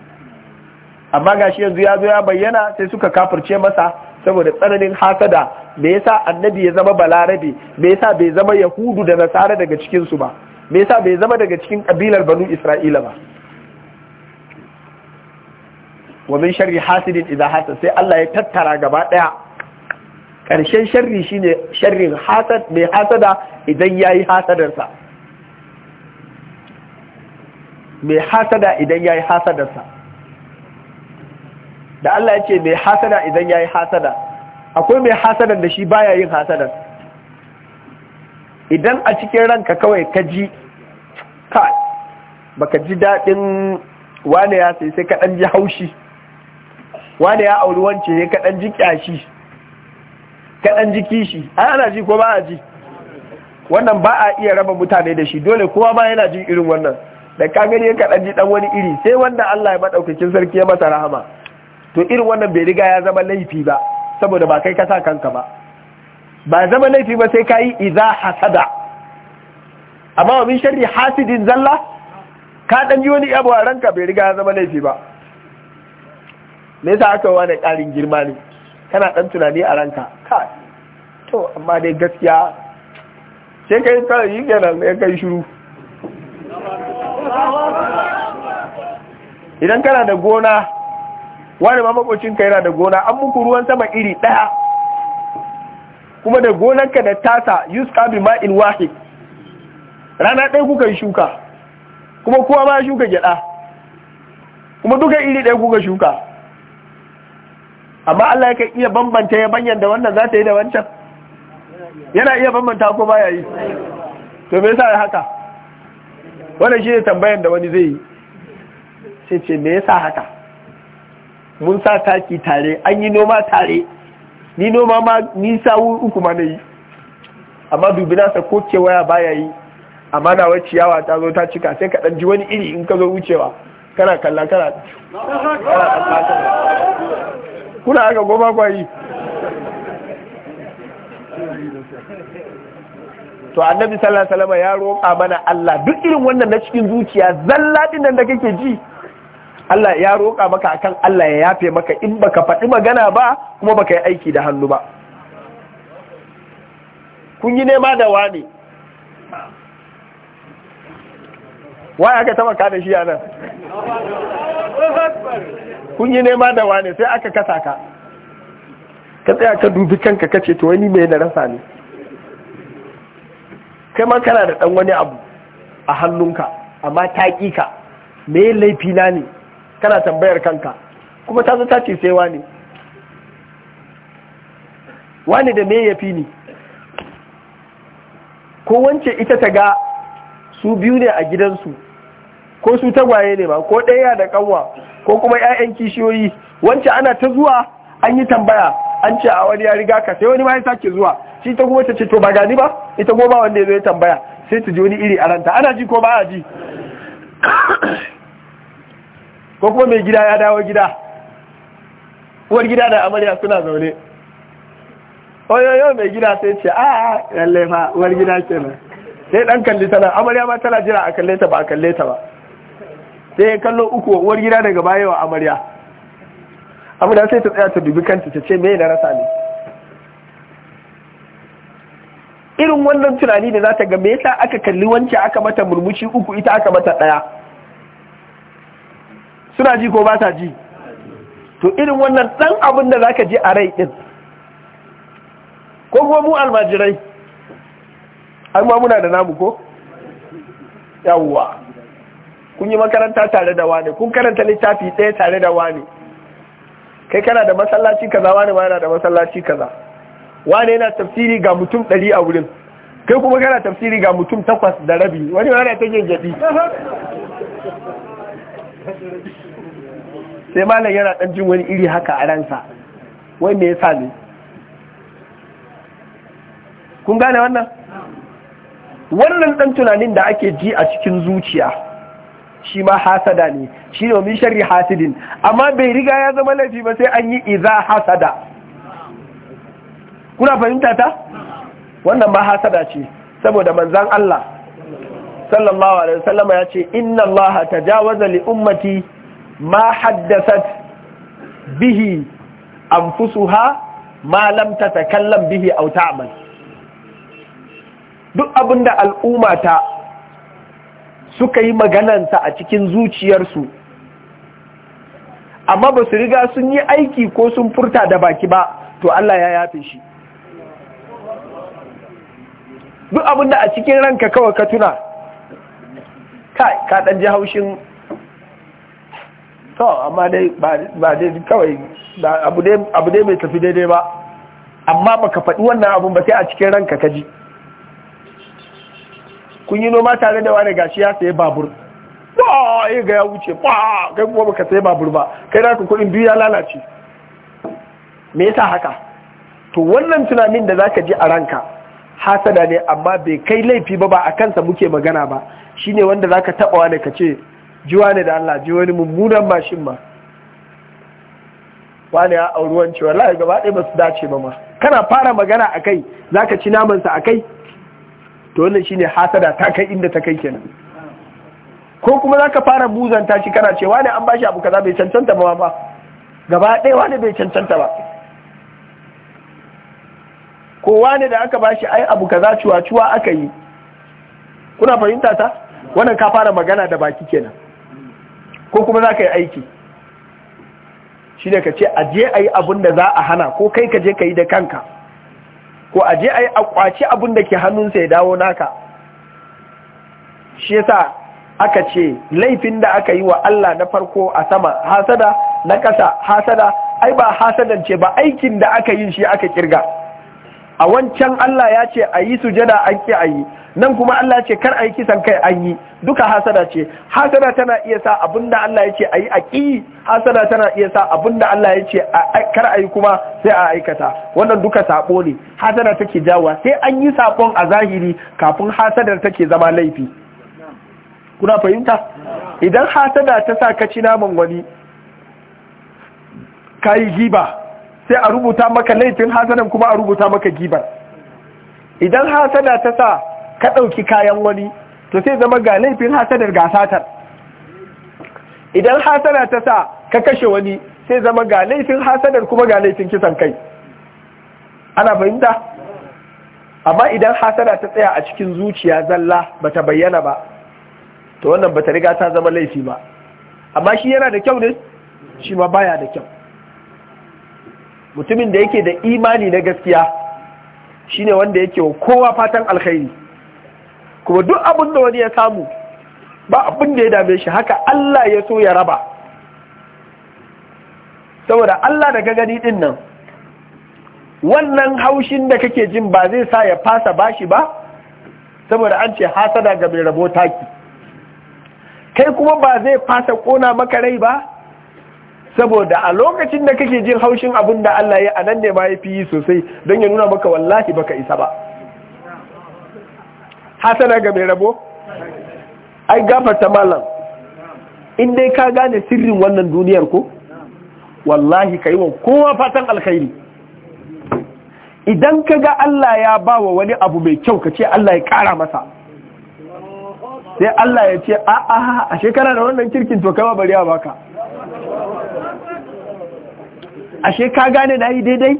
amma gashi yanzu ya zo ya bayyana sai suka kafirce masa saboda tsananin hasada me yasa annabi ya zama balarabe me yasa bai zama yahudu da nasara daga cikinsu ba me yasa bai zama daga cikin kabilar banu isra'ila ba wa min sharri hasidin idan hasad sai Allah ya tattara gaba ɗaya. ƙarshen sharri shine sharrin hasad mai hasada idan yayi hasadarsa mai hasada idan yayi hasadarsa da Allah ya ce mai hasada idan yayi hasada akwai mai hasadar da shi baya yin hasadar idan a cikin ranka kawai ka ji ka baka ji daɗin wane ya sai sai ka ɗan ji haushi wane ya auri wance ya ka ɗan ji ƙyashi kaɗan ji kishi ana ji ko ba a ji wannan ba a iya raba mutane da shi dole kowa ma yana jin irin wannan da ka gani ya kaɗan ji ɗan wani iri sai wanda Allah ya maɗaukakin sarki ya masa rahama to irin wannan bai riga ya zama laifi ba saboda ba kai ka sa kanka ba ba zama laifi ba sai ka yi iza hasada amma wa min sharri hasidin zalla ka ɗan ji wani abu ranka bai riga ya zama laifi ba me yasa aka wani ƙarin girma ne kana ɗan tunani a ranka Ka to amma dai gaskiya sai kai ta yi kenan ne kai shiru idan kana da gona wani ma makocinka yana da gona an muku ruwan sama iri ɗaya kuma da ka da tasa yuska bi in wahid rana ɗaya kuka yi shuka kuma kowa ma shuka gyaɗa kuma duka iri ɗaya kuka shuka amma Allah ya iya bambanta ya banyan da wannan za ta yi da wancan yana iya bambanta ko baya yi to me yasa haka wannan shine tambayan da wani zai yi sai ce me yasa haka mun sa taki tare an yi noma tare ni noma ma ni sawu uku ma yi. amma dubi nasa ko kewaya baya yi amma na wai ciyawa ta zo ta cika sai ka dan ji wani iri in ka zo wucewa kana kalla kana kuna aka goma yi? to annabi sallallahu alaihi wasallam ya roƙa mana Allah duk irin wannan na cikin zuciya zalla din nan da kake ji Allah ya roƙa maka akan Allah ya yafe maka in baka faɗi magana ba kuma baka yi aiki da hannu ba kun yi nema da wani wa aka taba da shi a nan kun yi nema da wane sai aka kasa ka ka tsaya ka dubi kanka kace to wani mai na rasa ne kai ma kana da dan wani abu a hannunka amma ta ka me laifi na ne kana tambayar kanka kuma ta zo ta ce sai wane wane da me yafi ni ko wance ita ta ga su biyu ne a gidansu ko su tagwaye ne ba ko ɗaya da kanwa ko kuma 'ya'yan kishiyoyi wancan ana ta zuwa an yi tambaya an ce a wani ya riga ka sai wani ma ya sake zuwa shi ta kuma ta ce to ba gani ba ita kuma ba wanda ya zo ya tambaya sai ta ji wani iri a ranta ana ji ko ba a ji ko kuma mai gida ya dawo gida uwar gida da amarya suna zaune oyoyo mai gida sai ce a ah, ah, lallai ma uwar gida kenan sai dan kalli tana amarya ma tana jira a kalle ta ba a kalle ta ba sai ya kallo uku uwar gida daga baya wa amarya Amina sai ta tsaya ta dubi kanta ta ce me na rasa ne irin wannan tunani da za ta ga mai ta aka kalli wance aka mata murmushi uku ita aka mata ɗaya suna ji ko ba ta ji to irin wannan ɗan abin da ka ji a rai ɗin ko kuma mu almajirai an ma muna da namu ko yawwa kun yi makaranta tare da wani kun karanta littafi ɗaya tare da wani kai kana da masallaci kaza wani ma yana da masallaci kaza wani yana tafsiri ga mutum ɗari a wurin kai kuma kana tafsiri ga mutum takwas da rabi wani ma yana ta gyangyaɗi sai malam yana ɗan jin wani iri haka a ransa wai me yasa ne kun gane wannan wannan ɗan tunanin da ake ji a cikin zuciya shi ma hasada ne shi ne min sharri hasidin amma bai riga ya zama laifi ba sai an yi iza hasada kuna fahimta ta wannan ma hasada ce saboda manzan Allah sallallahu alaihi wasallama ya ce inna Allah tajawaza li ummati ma haddasat bihi anfusuha ma lam tatakallam bihi aw ta'mal duk abinda al'umma ta suka yi magananta a cikin zuciyarsu amma ba su riga sun yi aiki ko sun furta da baki ba to Allah ya yafe shi duk abinda a cikin ranka kawai ka tuna ka dan ji haushin to amma dai ba dai kawai abu dai mai tafi daidai ba amma baka faɗi wannan abun ba sai a cikin ranka ka ji kun yi noma tare da wani gashi ya sayi babur ba yi ga ya wuce ba kai kuma baka sayi babur ba kai da kuɗin biyu ya lalace me yasa haka to wannan tunanin da zaka ji a ranka hasada ne amma bai kai laifi ba ba a kansa muke magana ba Shi ne wanda zaka taba wani ka ce jiwa ne da Allah ji wani mummunan mashin ma wani ya auri wance wallahi gaba ɗaya ba su dace ba ma kana fara magana akai zaka ci namansa kai? to wannan shine hasada ta kai inda ta kai kenan ko kuma zaka fara buzanta shi kana cewa ne an bashi abu kaza bai cancanta ba ba gaba ɗaya wani bai cancanta ba ko wani da aka bashi ai abu kaza cuwa-cuwa aka yi kuna fahimta ta wannan ka fara magana da baki kenan ko kuma zaka yi aiki shi ne ka ce a je a yi abin da za a hana ko kai ka je ka yi da kanka ko je a yi a kwaci abin da ke hannunsa ya dawo naka shi yasa aka ce laifin da aka yi wa Allah na farko a sama hasada na ƙasa hasada ai ba hasadan ce ba aikin da aka yi shi aka kirga a wancan Allah ya ce a yi sujada an ki a yi nan kuma Allah ya ce kar a yi kisan kai an yi duka hasada ce hasada tana iya sa da Allah ya ce a yi a ƙi hasada tana iya sa da Allah ya ce kar a yi kuma sai a aikata wannan duka sabo ne hasada take jawa sai an yi sabon a zahiri kafin hasadar take zama laifi kuna fahimta idan hasada ta sa ka ci naman wani ka yi giba sai a rubuta maka laifin hasadan kuma a rubuta maka gibar idan hasada ta sa ka ɗauki kayan wani to sai zama ga laifin hasadar ga satar idan hasada ta sa ka kashe wani sai zama ga laifin hasadar kuma ga laifin kisan kai ana fahimta amma idan hasada ta tsaya a cikin zuciya zalla ba ta bayyana ba to wannan bata riga ta zama laifi ba amma shi yana da kyau ne shi ma baya da kyau mutumin da yake da imani na gaskiya shine wanda yake wa kowa fatan alkhairi kuma duk abin da wani ya samu ba abin da ya dame shi haka Allah ya so ya raba saboda Allah daga gani din nan wannan haushin da kake jin ba zai sa ya fasa bashi ba saboda an ce hasada ga mai rabo taki kai kuma ba zai fasa kona maka rai ba saboda a lokacin da kake jin haushin abin da Allah ya anan ne ma ya fi yi sosai don ya nuna maka wallahi baka isa ba hasana ga mai rabo ai gafarta malam in dai ka gane sirrin wannan duniyar ko wallahi ka yi wa kowa fatan alkhairi idan ka ga Allah ya ba wa wani abu mai kyau ka ce Allah ya ƙara masa sai Allah ya ce a'a a shekara da wannan kirkin to kama bari ya baka ashe ka gane na yi daidai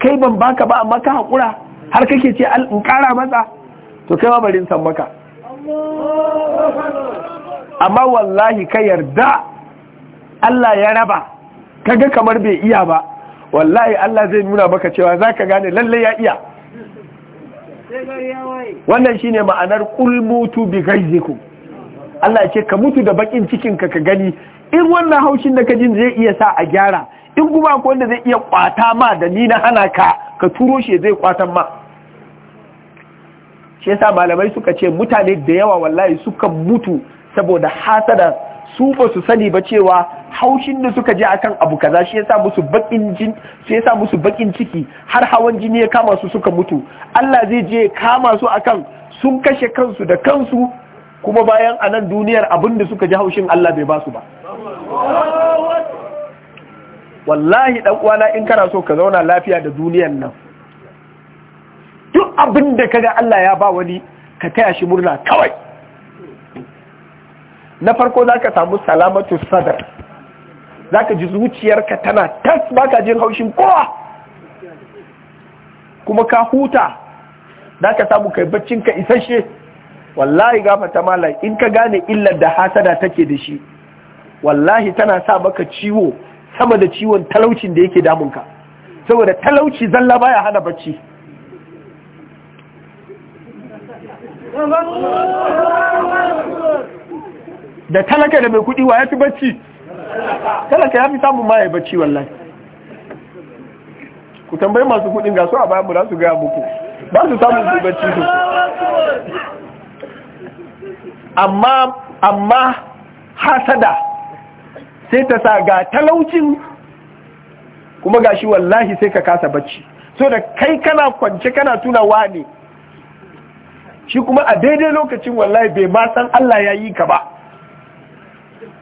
kai ban baka ba amma ka haƙura har kake ce in ƙara matsa to kai barin san maka amma wallahi ka yarda Allah ya raba kaga kamar bai iya ba wallahi Allah zai nuna maka cewa za ka gane lallai ya iya wannan shi ne ma'anar ƙulmutu mutu bi Allah ce ka mutu da bakin cikinka ka ka gani in wannan haushin da ka jin zai iya sa a gyara in kuma ko wanda zai iya kwata ma da ni na hana ka ka turo shi zai kwatan ma shi yasa malamai suka ce mutane da yawa wallahi suka mutu saboda hasada su ba su sani ba cewa haushin da suka je akan abu kaza shi yasa musu bakin jin shi yasa musu bakin ciki har hawan jini ya kama su suka mutu Allah zai je kama su akan sun kashe kansu da kansu kuma bayan anan duniyar abin da suka ji haushin Allah bai ba su ba wallahi ɗan uwana in kana so ka zauna lafiya da duniyan nan duk abin da kaga Allah ya ba wani ka taya shi murna kawai na farko zaka samu salamatu sadar zaka ji zuciyarka tana tas baka jin haushin kowa kuma ka huta zaka samu kai baccin ka isasshe wallahi gafata malam in ka gane illar da hasada take da shi wallahi tana sa maka ciwo sama da ciwon talaucin da yake damunka saboda talauci zalla baya hana bacci da talaka da mai kudi wa ya fi bacci talaka ya fi samun ma ya bacci wallahi ku tambayi masu kudin gasu a bayan mu za su gaya muku ba su samun su bacci su amma amma hasada sai ta sa ga talaucin kuma ga shi wallahi sai ka kasa bacci so da kai kana kwance kana tunawa ne shi kuma a daidai lokacin wallahi bai ma san Allah ya yi ka ba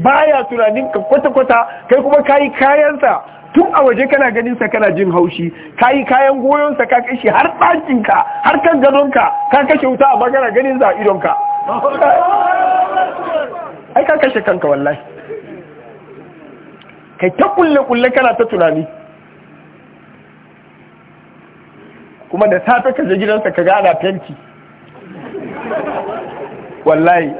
baya tunanin ka kwata-kwata kai kuma kayi kayansa tun a waje kana ganin sa kana jin haushi kayi kayan goyonsa ka kashe har ɗakin har kan gadonka ka kashe wuta a magana ganin za a idonka ai ka kashe kanka wallahi kai ta kulle-kulle kana ta tunani kuma da safe ka je gidansa ka gana fenti wallahi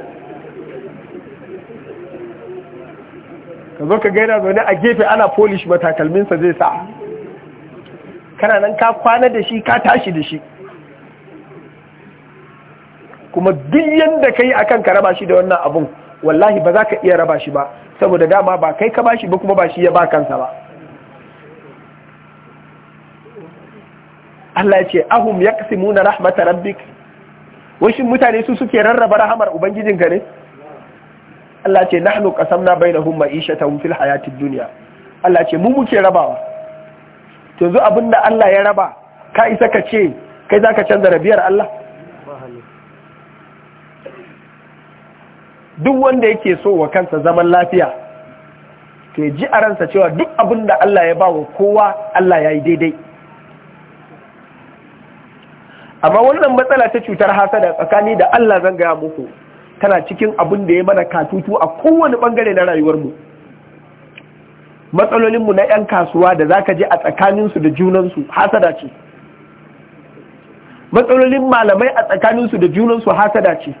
ka zo ka gaina zaune a gefe ana polish matakalminsa zai sa kana nan ka kwana da shi ka tashi da shi kuma duk yadda ka yi akan ka raba shi da wannan abun wallahi ba za ka iya raba shi ba saboda dama ba kai ka ba shi ba kuma ba shi ya ba kansa ba Allah ya ce ahum muna rahmatar rabbik wasu mutane su suke rarraba rahamar ubangijinka ne Allah ce nahnu qasamna isha ta wufil hayatin duniya. Allah ce mu muke rabawa to abin da Allah ya raba ka isa ka ce kai za ka canza rabiyar Allah duk wanda yake so wa kansa zaman lafiya to ji a ransa cewa duk abin da Allah ya ba wa kowa Allah ya yi daidai amma wannan matsala ta cutar hasada tsakani da Allah zan gaya muku tana cikin abin da ya mana katutu a kowane bangare na rayuwarmu matsalolinmu na 'yan kasuwa da za ka ji a tsakaninsu da junansu hasada ce matsalolin malamai a tsakaninsu da junansu hasada ce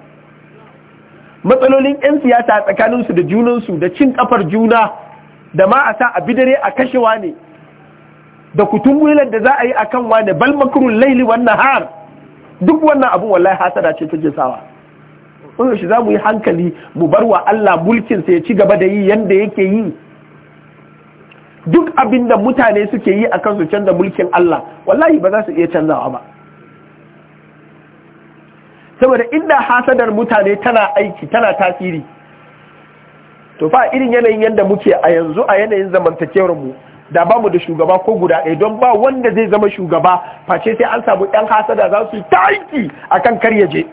matsalolin 'yan siyasa tsakaninsu da junansu da cin kafar juna da ma a sa a bidare a kashewa ne da kutun wilar da za a yi a kan wane bal makarun laili wannan har duk wannan abin wallahi hasada ce ta jisawa in shi za mu yi hankali mu bar wa Allah mulkin ya ci gaba da yi yadda yake yi duk abin da mutane suke yi a kansu canza mulkin Allah wallahi ba za su iya canzawa ba saboda inda hasadar mutane tana aiki tana tasiri to fa irin yanayin yadda muke a yanzu a yanayin zamantakewar mu da ba mu da shugaba ko guda ɗaya don ba wanda zai zama shugaba face sai an samu ɗan hasada za su ta aiki a kan karyaje.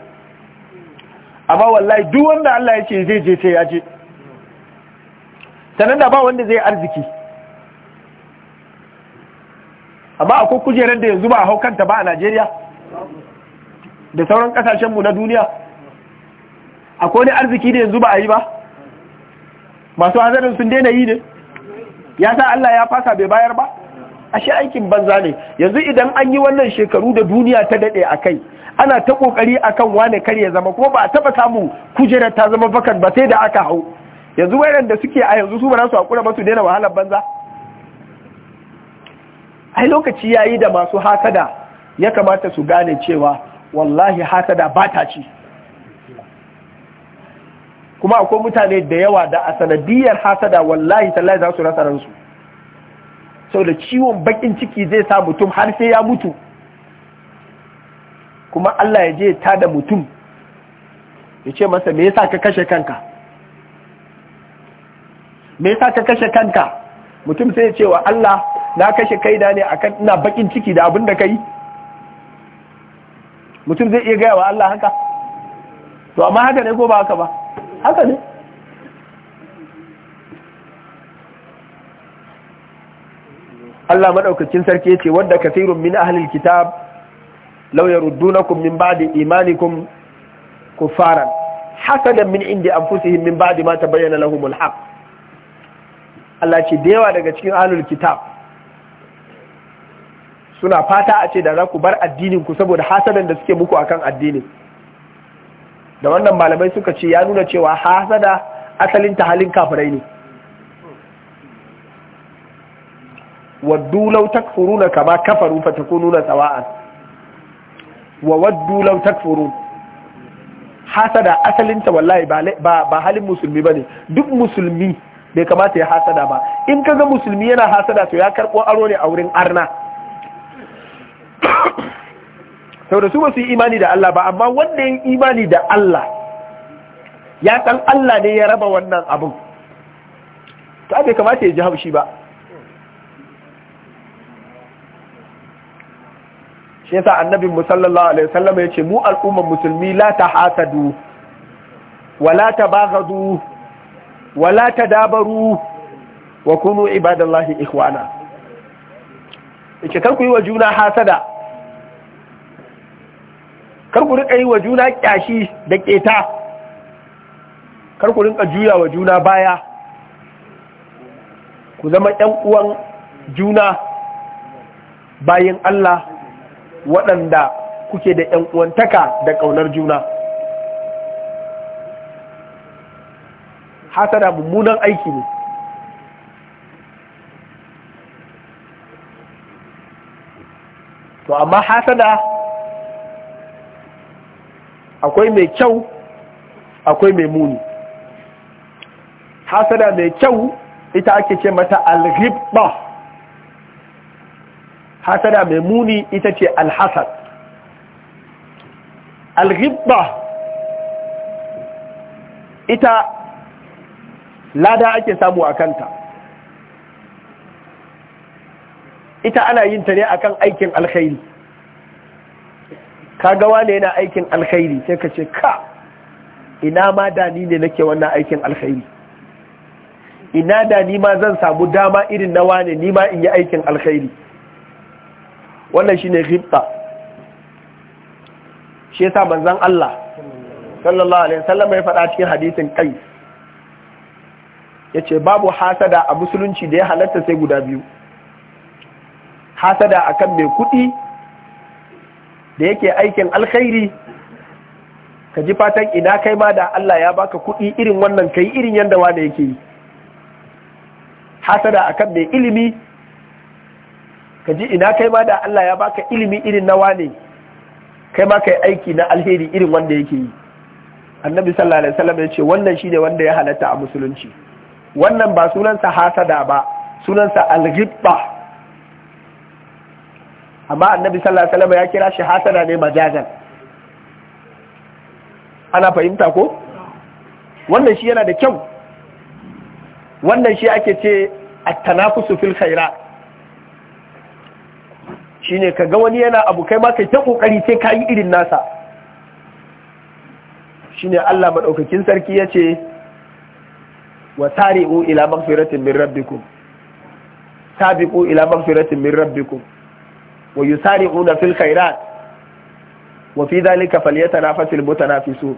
amma wallahi duk wanda Allah ya ce zai je sai ya je sannan da ba wanda zai arziki amma akwai kujerar da yanzu ba a hau kanta ba a Najeriya da sauran kasashenmu na duniya akwai wani arziki da yanzu ba a yi ba masu hazarin sun daina yi ne ya sa Allah ya fasa bai bayar ba shi aikin banza ne yanzu idan an yi wannan shekaru da duniya ta daɗe a kai ana ta ƙoƙari a kan wane kar ya zama kuma ba a taɓa samu kujerar ta zama bakan ba sai da aka hau yanzu wayan da suke a yanzu su ba su haƙura ba su daina wahalar banza ai lokaci ya yi da masu hasada ya kamata su gane cewa wallahi hasada ba ta ci kuma akwai mutane da yawa da a sanadiyar hasada wallahi tallahi za su rasa ransu sau da ciwon bakin ciki zai sa mutum har sai ya mutu kuma Allah ya je ta da mutum ya ce masa me yasa ka kashe kanka me yasa ka kashe kanka mutum sai ya ce wa Allah na kashe kai da ne akan ina bakin ciki da abin da kai mutum zai iya gaya wa Allah haka to amma haka ne ko ba haka ba haka ne Allah madaukakin sarki yace wadda kathirun min ahlil kitab law yaruddunakum min ba'di imanikum kuffaran hasadan min indi anfusihim min ba'di ma tabayyana lahumul haqq Allah ce da yawa daga cikin ahlul kitab suna fata a ce da za ku bar addinin ku saboda hasadan da suke muku akan addinin da wannan malamai suka ce ya nuna cewa hasada asalin ta halin kafirai ne waddu law takfuruna kama kafaru fatakununa sawa'an wa waddu law takfurun hasada asalinta wallahi ba ba halin musulmi bane duk musulmi bai kamata ya hasada ba in kaga musulmi yana hasada to ya karbo aro ne a wurin arna saboda su ba su yi imani da Allah ba amma wanda yin imani da Allah ya san Allah ne ya raba wannan abin ta bai kamata ya ji haushi ba shi yasa annabin musallallahu alaihi wasallam ya ce mu al'umman musulmi la ta hasadu, wa la ta bagadu wa la ta dabaru, wa kunu ibadallahi ikhwana yake kar ku yi wa juna hasada kar ku rika yi wa juna ƙyashi da keta kar ku rinka juya wa juna baya ku zama ƴan uwan juna bayan Allah waɗanda kuke da ƴan uwantaka da ƙaunar juna hasada mummunan aiki ne to amma hasada akwai mai kyau akwai mai muni hasada mai kyau ita ake ce mata alghibba hasada mai muni ita ce alhasad alghibba ita lada ake samu a kanta ita ana yin ta ne akan aikin alkhairi Ka kaga wane yana aikin alkhairi sai ka ce ka ina ma da ni ne nake wannan aikin alkhairi ina da ni ma zan samu dama irin na wane ni ma in yi aikin alkhairi wannan shine ghibta shi yasa manzon Allah sallallahu alaihi wasallam ya faɗa cikin hadisin kai yace babu hasada a musulunci da ya halatta sai guda biyu hasada akan mai kuɗi da yake aikin alkhairi ka ji fatan ina kai ma da Allah ya baka kuɗi irin wannan kai irin yadda wanda yake yi hasada akan mai ilimi ka ji ina kai ma da Allah ya baka ilimi irin na wane kai ma kai aiki na alheri irin wanda yake yi annabi sallallahu alaihi wasallam ya ce wannan shine wanda ya halatta a musulunci wannan ba sunansa hasada ba sunansa alghibba amma annabi sallallahu alaihi wasallam ya kira shi hasana ne majazan ana fahimta ko wannan shi yana da kyau wannan shi ake ce at-tanafusu fil khaira shine kaga wani yana abu kai ma kai ta kokari sai ka yi irin nasa shine Allah madaukakin sarki yace wa tari'u ila magfiratin min rabbikum sabiqu ila magfiratin min rabbikum wa yusari'una fil khairat wa fi so.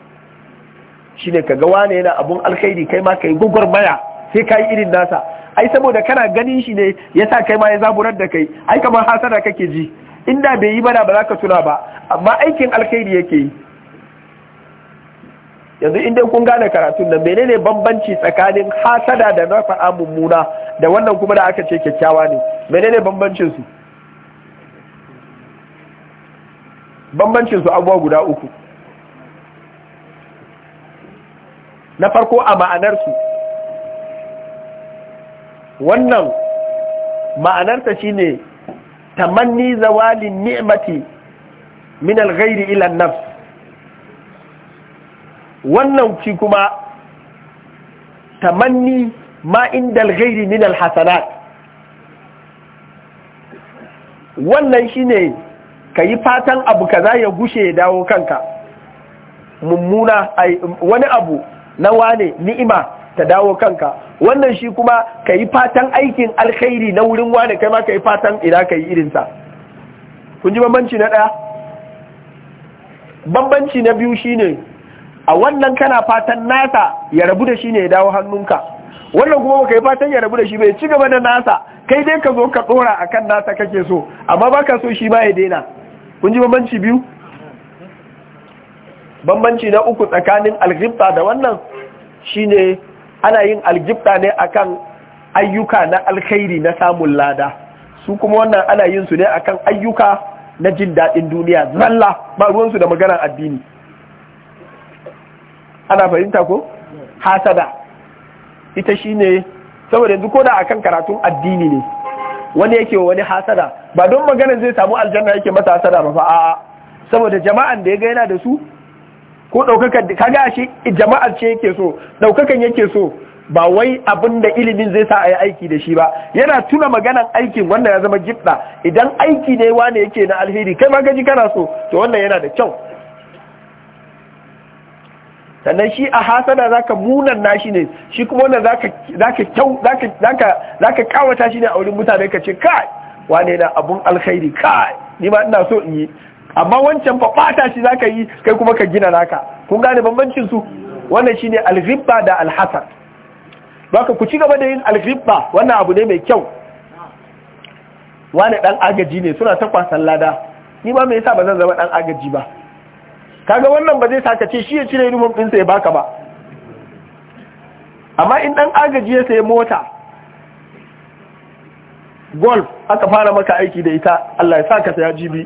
Shi ne ka kaga wane yana abun alkhairi kai ma kai gugurmaya sai kai irin nasa ai saboda kana ganin shi ne yasa kai ma ya zaburar da kai ai kamar hasara kake ji inda bai yi bana ba za ka tuna ba amma aikin alkhairi yake yi yanzu in dai kun gane karatun nan menene bambanci tsakanin hasada da na faɗa mummuna da wannan kuma da aka ce kyakkyawa ne menene bambancin su bambancin su abuwa guda uku na farko a ma'anarsu wannan ma'anarsa shine tamanni zawalin ni'mati min alghairi ila nafs wannan ci kuma tamanni ma inda alghairi min alhasanat wannan shine ka yi fatan abu kaza ya gushe ya dawo kanka mummuna wani abu na wane ni'ima ta dawo kanka wannan shi kuma ka yi fatan aikin alkhairi na wurin wane kai ma ka yi fatan ina ka yi irinsa kun ji bambanci na ɗaya bambanci na biyu shine a wannan kana fatan nasa ya rabu da shi ne ya dawo hannunka wannan kuma ka yi fatan ya rabu da shi bai ci gaba da nasa kai dai ka zo ka dora akan nasa kake so amma baka so shi ma ya daina kun ji bambanci biyu bambanci na uku tsakanin algifta da wannan shine ana yin algifta ne akan ayyuka na alkhairi na samun lada su kuma wannan ana yin su ne akan ayyuka na jin daɗin duniya zalla ba ruwansu da maganar addini ana fahimta ko hasada ita shine saboda yanzu ko da akan karatun addini ne wani yake wa wani hasada ba don magana zai samu aljanna yake masa hasada ba fa a'a saboda jama'an da ya ga yana da su ko ka ga shi jama'ar ce yake so ɗaukakan yake so ba wai abin da ilimin zai sa a yi aiki da shi ba yana tuna maganan aikin wanda ya zama gibda idan aiki ne wane yake na alheri kai ma gaji kana so to wannan yana da kyau sannan shi a hasada zaka na shi ne shi kuma wannan zaka kawata shi ne a wurin mutane ka ce kai wane na abun alkhairi kai ni ma ina so in yi amma wancan fa shi zaka yi kai kuma ka gina naka kun gane bambancin su wannan shine alghibba da alhasad baka ku ci gaba da yin alghibba wannan abu ne mai kyau wane dan agaji ne suna ta kwasan lada ni ma me yasa ba zan zama dan agaji ba kaga wannan ba zai saka ce shi ya cire uniform ɗinsa ya baka ba amma in ɗan agaji ya sayi mota golf aka fara maka aiki da ita Allah ya saka saya jibi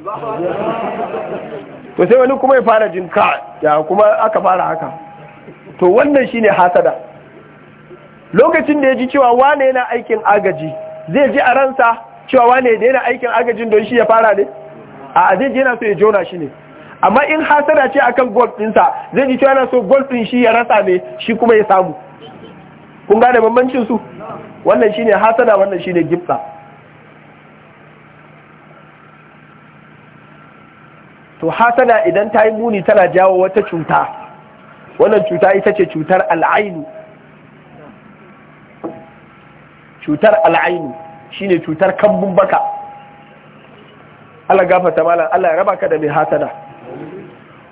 to sai wani kuma ya fara jin ka ya kuma aka fara haka to wannan shine hasada lokacin da ya ji cewa wane yana aikin agaji zai ji a ransa cewa wane da yana aikin agajin don shi ya fara ne a zai je yana so ya jona shi ne amma in hasada ce akan golf ɗinsa zai ji cewa yana so golf ɗin shi ya rasa ne shi kuma ya samu kun gane bambancin su wannan shine hasada wannan shine gifta to hasada idan ta yi muni tana jawo wata cuta wannan cuta ita ce cutar al'ainu cutar al'ainu shine cutar kambun baka Allah gafarta malam Allah ya raba ka da mai hasada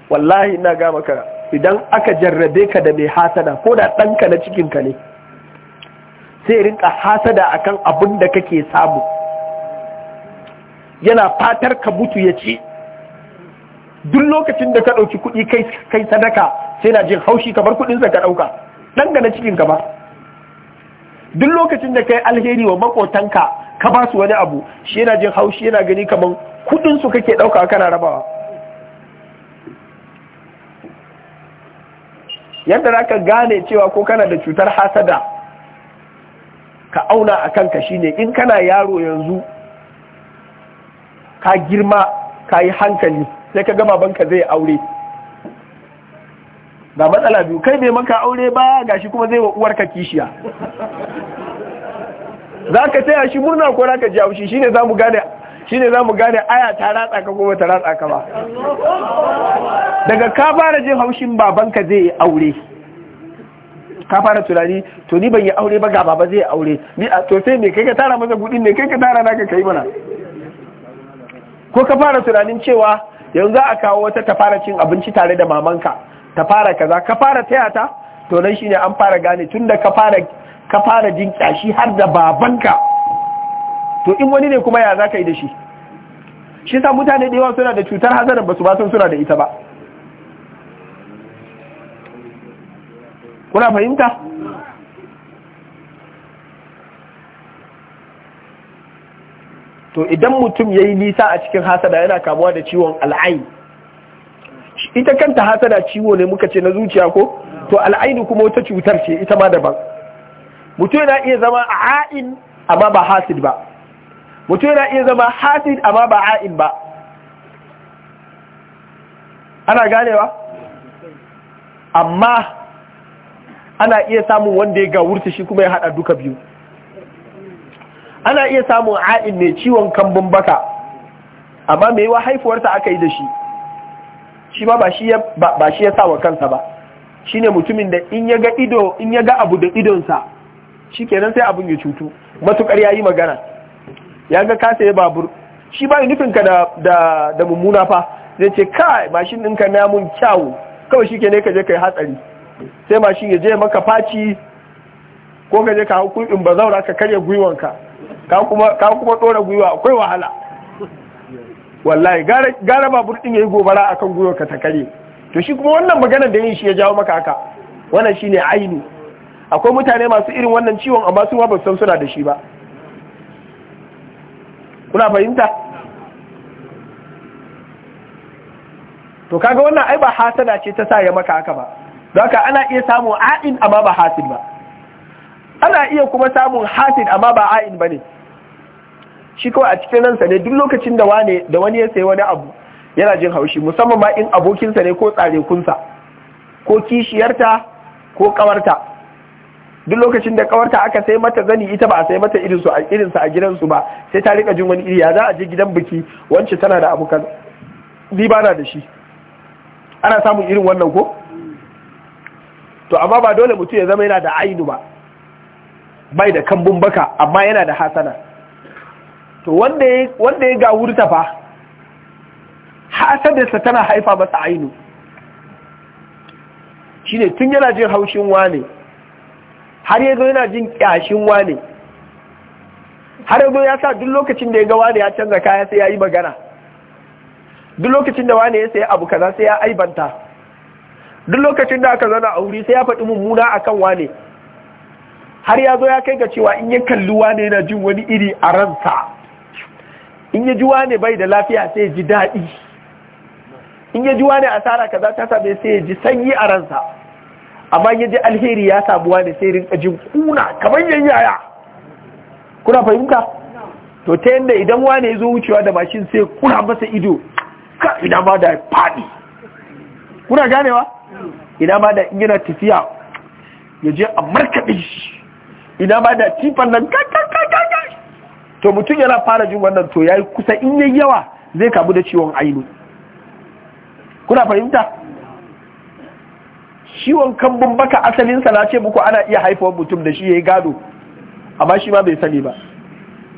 wallahi ina ga maka idan aka jarrabe ka da mai hasada ko da ɗanka na cikinka ne sai rinka hasada a kan abin da kake samu yana fatar ka mutu ya ci duk lokacin da ka ɗauki kuɗi kai sadaka sai na jin haushi kamar kuɗinsa ka ɗauka ɗanka na cikinka ba duk lokacin da ka yi alheri wa makotanka ka ba su wani abu shi yana jin haushi yana gani kamar kuɗinsu kake ɗauka kana rabawa yadda za ka gane cewa ko kana da cutar hasada ka auna a kanka shine in kana yaro yanzu ka girma ka yi hankali sai ka gama banka zai aure ga matsala biyu kai mai maka aure ba gashi kuma zai wa uwarka kishiya za ka taya shi murna ko za ji haushi shine za mu gane aya ta ratsa ka ko ta ratsa ka ba daga ka fara jin haushin babanka zai yi aure ka fara tunani to ni ban yi aure ba ga baba zai aure ni a to sai me kai ka tara masa kudin ne kai ka tara naka kai mana ko ka fara tunanin cewa yanzu a kawo wata ta fara cin abinci tare da mamanka ta fara kaza ka fara taya ta to nan shine an fara gane tunda ka fara ka fara jin kyashi har da babanka to in wani ne kuma ya zaka yi da shi shi sa mutane da yawa suna da cutar hazarin ba su ba sun suna da ita ba kuna fahimta to idan mutum ya yi nisa a cikin hasada yana kamuwa da ciwon al'ain ita kanta hasada ciwo ne muka ce na zuciya ko to al'ainu kuma wata cutar ce ita ma daban mutum yana iya zama a'in amma ba hasid ba mutum yana iya zama hasid amma ba a'in ba ana ganewa amma ana iya samun wanda ya gawurta shi kuma ya hada duka biyu ana iya samun a'in mai ciwon kambun baka amma mai wa haifuwarta aka yi da shi shi ba ba shi ya sa wa kansa ba shi ne mutumin da in ya ga ido in ya ga abu da idonsa shi kenan sai abin ya cutu matukar ya yi magana ya ga kasa ya babur shi ba nufin ka da mummuna fa zai ce kai mashin ɗinka namun kyawu kawai shi ke ne ka je ka yi hatsari sai shi ya je maka faci ko ka je ka hau kudin ba zaura ka karya gwiwanka ka kuma ɗora gwiwa akwai wahala wallahi gara babur ɗin ya yi gobara a kan gwiwanka ta karye to shi kuma wannan maganar da yin shi ya jawo maka haka wannan shine aini akwai mutane masu irin wannan ciwon amma sun ba san suna da shi ba kuna fahimta to kaga wannan ai ba hasada ce ta sa ya maka haka ba zaka ana iya samun a'in amma ba hasin ba ana iya kuma samun hasin amma ba a'in ba ne shi kawai a cikin ransa ne duk lokacin da wani ya sayi wani abu yana jin haushi musamman ma in abokinsa ne ko tsarekunsa ko kishiyarta ko kawarta duk lokacin da kawarta aka sai mata zani ita ba a sai mata irinsu a irinsa a gidansu ba sai ta rika jin wani iri ya za a je gidan biki wance tana da abu ni na da shi ana samun irin wannan ko to amma ba dole mutum ya zama yana da ainu ba bai da kambun baka amma yana da hasana to wanda ya ga gawurta fa hasadarsa tana haifa masa ainu shi ne tun yana jin haushin wane har ya zo yana jin kyashin wane har ya zo ya sa duk lokacin da ya ga wane ya canza kaya sai ya yi magana duk lokacin da wane ya sayi abu kaza sai ya aibanta duk lokacin da aka zana a wuri sai ya faɗi mummuna a kan wane har ya zo ya kai ga cewa in ya kalluwa ne na jin wani iri a ransa in ya ji wane bai da lafiya sai ya ji daɗi in ya ji wane asara kaza ta same sai ya ji sanyi a ransa amma ya ji alheri ya samu wane sai rinka jin kuna kamar yaya kuna fahimta to ta yadda idan wane ya zo wucewa da mashin sai kuna masa ido ka ina ma da faɗi kuna ganewa ina ba da yana tafiya ya je a markaɗe shi ina ba da tifan nan to mutum yana fara jin wannan to ya yi kusa in yi yawa zai kamu da ciwon ainu kuna fahimta ciwon kambun baka asalinsa na ce muku ana iya haifuwar mutum da shi ya yi gado amma shi ma bai sani ba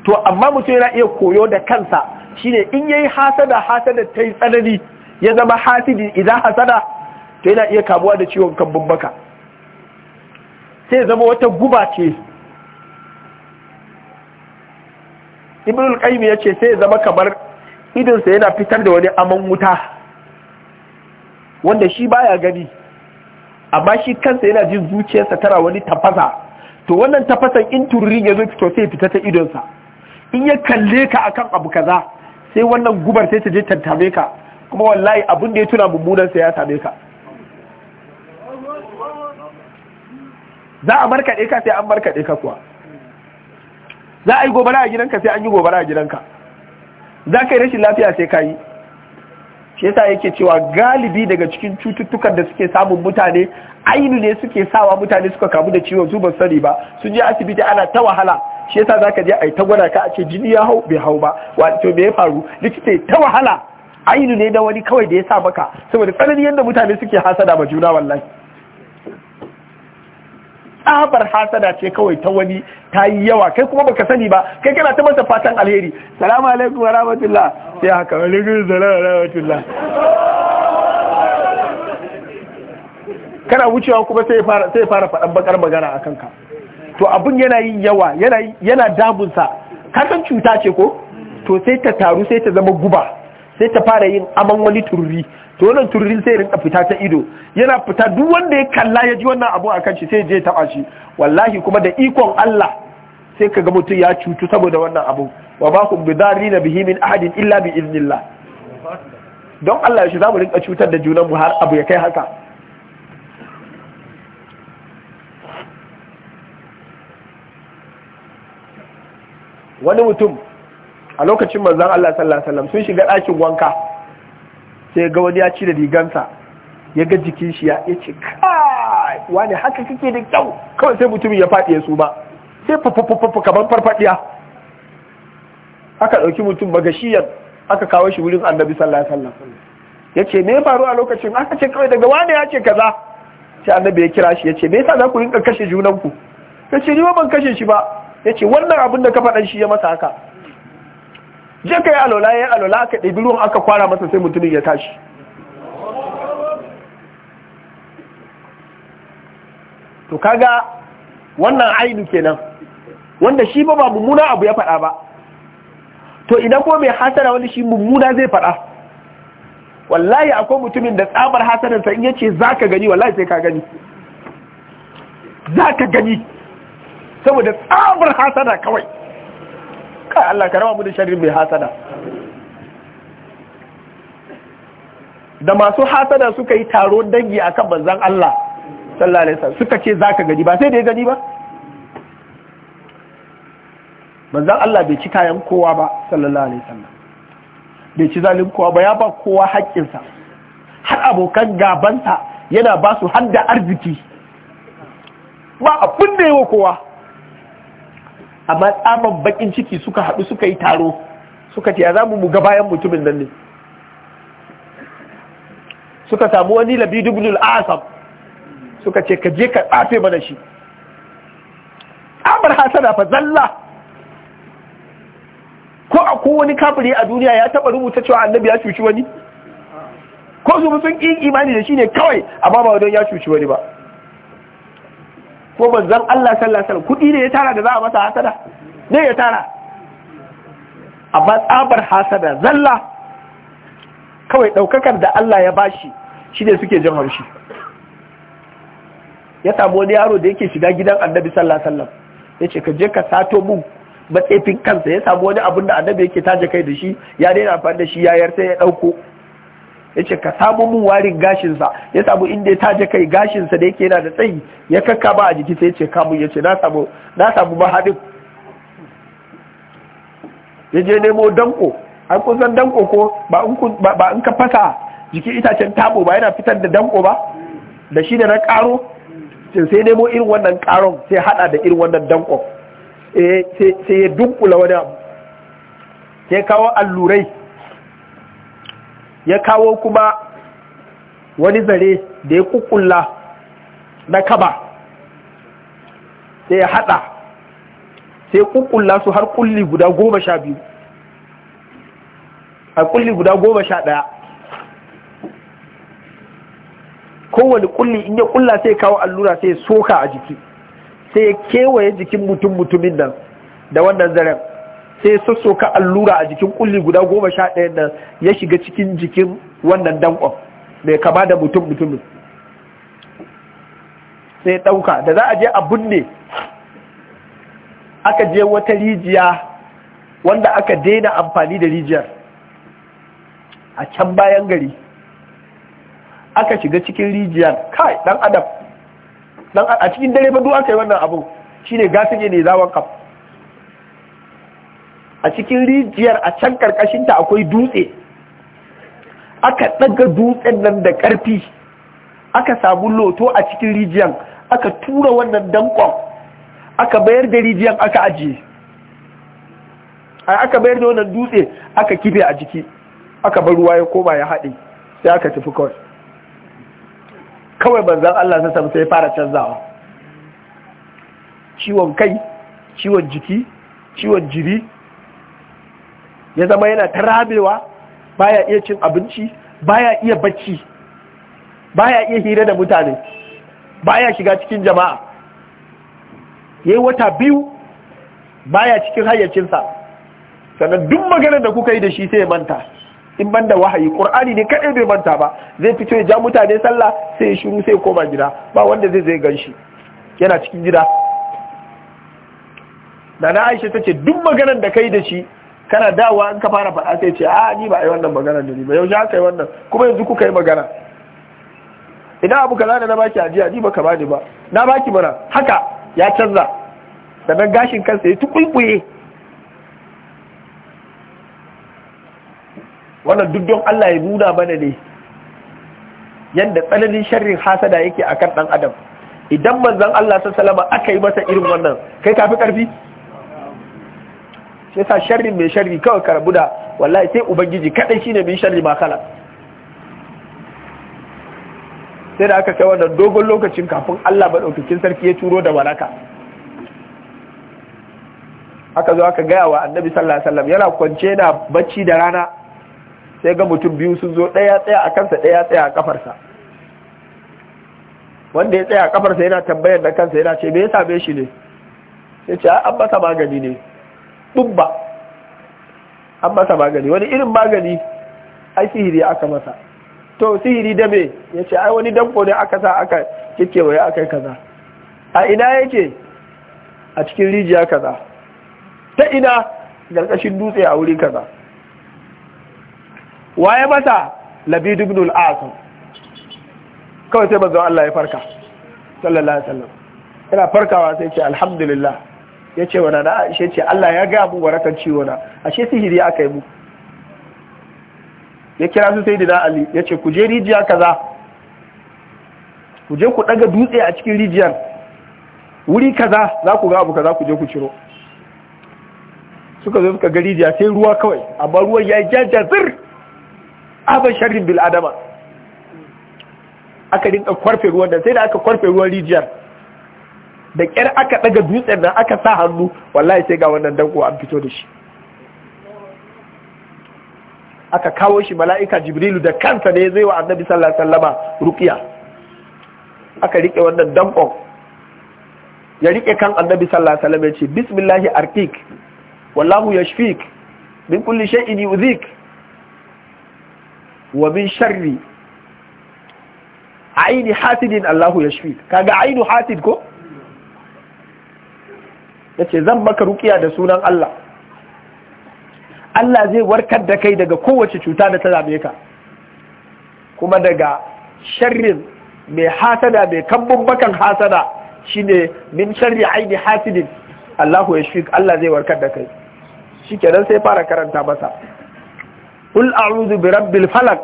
to amma mutum yana iya koyo da kansa shine in yayi hasada hasada ta yi tsanani ya zama hasidi idan hasada to yana iya kamuwa da ciwon kambun baka sai zama wata guba ce ibnul qayyim ya ce sai zama kamar idonsa yana fitar da wani aman wuta wanda shi baya gani amma shi kansa yana jin zuciyarsa tara wani tafasa to wannan tafasan in tururi ya zo fito sai fita ta idonsa in ya kalle ka akan abu kaza sai wannan gubar sai ta je tantame ka kuma wallahi abin da ya tuna mummunan sa ya same ka za a markaɗe ka sai an markaɗe ka kuwa za a yi gobara a gidanka sai an yi gobara a gidanka za ka yi rashin lafiya sai ka yi shi yasa yake cewa galibi daga cikin cututtukan da suke samun mutane ainu ne suke sawa mutane suka kamu da ciwon su ba sani ba sun je asibiti ana ta wahala shi yasa ka je a yi ta gwada ka a ce jini ya hau bai hau ba wato me ya faru likita ta wahala ainu ne na wani kawai da ya sa maka saboda tsananin yadda mutane suke hasada ma juna wallahi tsabar hasada ce kawai ta wani ta yi yawa kai kuma baka sani ba kai kana ta masa fatan alheri salamu alaikum wa rahmatullah sai haka alaikum salamu wa rahmatullah kana wucewa kuma sai fara sai fara faɗan bakar magana akan ka to abun yana yin yawa yana yana damunsa ka san cuta ce ko to sai ta taru sai ta zama guba sai ta fara yin aman wani tururi to wannan tururin sai rinka fita ta ido yana fita duk wanda ya kalla ya ji wannan abu akan shi sai je taba shi wallahi kuma da ikon Allah sai kaga mutum ya cutu saboda wannan abu wa ba kum bidarrina bihi min ahadin illa bi iznillah don Allah shi zamu rinka cutar da junanmu har abu ya kai haka wani mutum a lokacin manzon Allah sallallahu alaihi wasallam sun shiga ɗakin wanka sai ga wani ya ci da rigansa ya ga jikin shi ya ce kai wani haka kake da kyau kawai sai mutumin ya faɗi ya ba. sai fafafafafa kamar farfadiya aka ɗauki mutum ba gashiyar. aka kawo shi wurin annabi sallallahu alaihi wasallam ya ce me faru a lokacin aka ce kawai daga wani ya ce kaza sai annabi ya kira shi ya ce me yasa za ku rinka kashe junanku ya ce ni ba ban kashe shi ba ya ce wannan abin da ka faɗan shi ya masa haka je ka yi alola ya yi alola aka ɗabi ruwan aka kwara masa sai mutumin ya tashi to kaga wannan ainu kenan wanda shi ba mummuna abu ya faɗa ba to idan ko mai hasara wani shi mummuna zai faɗa wallahi akwai mutumin da tsabar hasararsa in yace ka gani wallahi sai ka gani za ka gani saboda tsabar hasara kawai Allah karama mu da sharri mai hasada da masu hasada suka yi taro dangi akan banzan Allah sallallahu alaihi wasallam suka ce zaka gani ba sai da ya gani ba banzan Allah bai ci kayan kowa ba sallallahu alaihi wasallam bai ci zalim kowa ba ya ba kowa haƙƙinsa har abokan gabansa yana ba su hadda arziki ba abin da yawa kowa amma tsaban bakin ciki suka haɗu suka yi taro suka ce ya za mu ga bayan mutumin nan ne suka samu wani labidu bin asam suka ce ka je ka tsafe mana shi tsabar hasana fa zalla ko a wani kafiri a duniya ya taɓa rubuta cewa annabi ya cuci wani ko su sun ƙin imani da shi ne kawai amma ba don ya cuci wani ba ko manzon Allah sallallahu alaihi kudi ne ya tara da za a masa hasada ne ya tara amma tsabar hasada zalla kawai daukakar da Allah ya bashi shine suke jin haushi ya samu wani yaro da yake shiga gidan annabi sallallahu alaihi wasallam yace ka je ka sato mun matsefin kansa ya samu wani abin da annabi yake taje kai da shi ya daina amfani da shi yayar sai ya dauko yace ka samu mun warin gashin sa ya samu inda ya taje kai gashin sa da yake yana da tsayi ya kakka ba a jiki sai yace ka yace na samu na samu mahadin yaje nemo danko an kun san danko ko ba in ba in ka fasa jiki itacen tabo ba yana fitar da danko ba da shi da na karo sai nemo irin wannan karon sai hada da irin wannan danko eh sai ya dunkula wani abu sai kawo allurai ya kawo kuma wani zare da ya kukulla na kaba sai ya hada sai kukulla su har kulli guda goma sha biyu a kulli guda goma sha daya kowane kulli in ya kulla sai kawo allura sai soka a jiki sai ya kewaye jikin mutum mutumin nan da wannan zaren sai ya sassoka allura a jikin kulli guda goma sha ɗaya nan ya shiga cikin jikin wannan dankon mai kama da mutum mutumin sai ya ɗauka da za a je a binne aka je wata rijiya wanda aka daina amfani da rijiyar a can bayan gari aka shiga cikin rijiyar kai ɗan adam a cikin dare ba duk aka yi wannan abu shine ne ne zawon kafa a cikin rijiyar a can karkashinta akwai dutse aka ɗaga dutsen nan da ƙarfi aka samu loto a cikin rijiyar aka tura wannan dankon aka bayar da rijiyar aka ajiye aka bayar da wannan dutse aka kife a jiki aka bar ruwa ya koma ya haɗe sai aka tafi kawai kawai banzan Allah na samu sai fara canzawa ciwon kai ciwon jiki ciwon jiri ya zama yana ta ba baya iya cin abinci baya iya bacci baya iya hira da mutane baya shiga cikin jama'a yayi wata biyu baya cikin hayyacinsa sannan duk maganar da kuka yi da shi sai manta in banda wahayi qur'ani ne kadai bai manta ba zai fito ya ja mutane sallah sai ya shiru sai ya koma gida ba wanda zai zai ganshi yana cikin gida Nana Aisha ce duk maganar da kai da shi kana dawowa in ka fara faɗa sai ce a ni ba a yi wannan magana da ni ba yaushe aka yi wannan kuma yanzu kuka yi magana idan abu kaza ne na baki ajiya ni baka bani ba na baki mana haka ya canza sannan gashin kansa ya tukulkuye wannan duk don Allah ya nuna mana ne yadda tsananin sharrin hasada yake akan dan adam idan manzon Allah sallallahu alaihi aka yi masa irin wannan kai kafi karfi shi yasa sharri mai sharri kawai karbu da wallahi sai ubangiji kadai shine mai sharri ba kala sai da aka kai wannan dogon lokacin kafin Allah madaukakin sarki ya turo da waraka aka zo aka gaya wa annabi sallallahu alaihi wasallam yana kwance yana bacci da rana sai ga mutum biyu sun zo daya tsaya a kansa daya tsaya a kafarsa wanda ya tsaya a kafarsa yana tambayar da kansa yana ce me yasa be shi ne sai ce an masa magani ne tubba an masa magani wani irin magani ai sihiri aka masa to sihiri da me ya ce ai wani danko ne aka sa aka kekewaye aka kaza a ina yake a cikin rijiya kaza ta ina garkashin dutse a wuri kaza waye masa labid ibn al-asim kawai sai manzon Allah ya farka sallallahu alaihi wasallam yana farkawa sai ce alhamdulillah ya ce wa nana ashe ce Allah ya gaya mun warakan ciwo na ashe sihiri aka yi mu ya kira su sai dina Ali ya ce ku je rijiya kaza ku je ku daga dutse a cikin rijiyar wuri kaza za ku ga abu kaza ku je ku ciro suka zo suka ga rijiya sai ruwa kawai amma ruwan ya yi jaja zir abin sharrin bil adama aka dinka kwarfe ruwan da sai da aka kwarfe ruwan rijiyar da ƙyar aka ɗaga dutsen nan aka sa hannu wallahi sai ga wannan danko an fito da shi aka kawo shi mala'ika jibrilu da kansa ne zai wa annabi sallallahu alaihi wasallama ruqiya aka rike wannan dankon ya rike kan annabi sallallahu alaihi ya ce bismillahi arkik wallahu yashfik min kulli shay'in yu'zik wa min sharri aini hasidin Allahu yashfik kaga aini hasid ko ya ce zan maka rukiya da sunan Allah Allah zai warkar da kai daga kowace cuta da ta zame ka kuma daga sharrin mai hasada mai kambun bakan hasada shine min sharri aini hasidin Allahu ya shi Allah zai warkar da kai kenan sai fara karanta masa Kul a'udhu bi rabbil falaq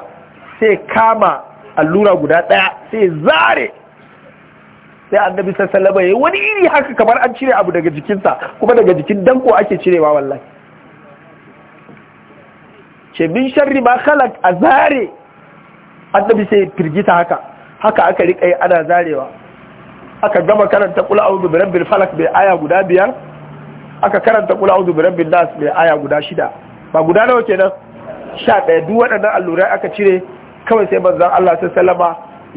sai kama allura guda ɗaya sai zare sai annabi sallallahu alaihi wani iri haka kamar an cire abu daga jikinsa kuma daga jikin danko ake cirewa wallahi ce min sharri ma khalaq azare annabi sai firgita haka haka aka rika yi ana zarewa aka gama karanta qul a'udhu bi rabbil falaq bi aya guda biyar aka karanta qul a'udhu bi rabbin nas bi aya guda shida ba guda nawa kenan sha ɗaya duk waɗannan allurai aka cire kawai sai manzon Allah sallallahu alaihi wasallama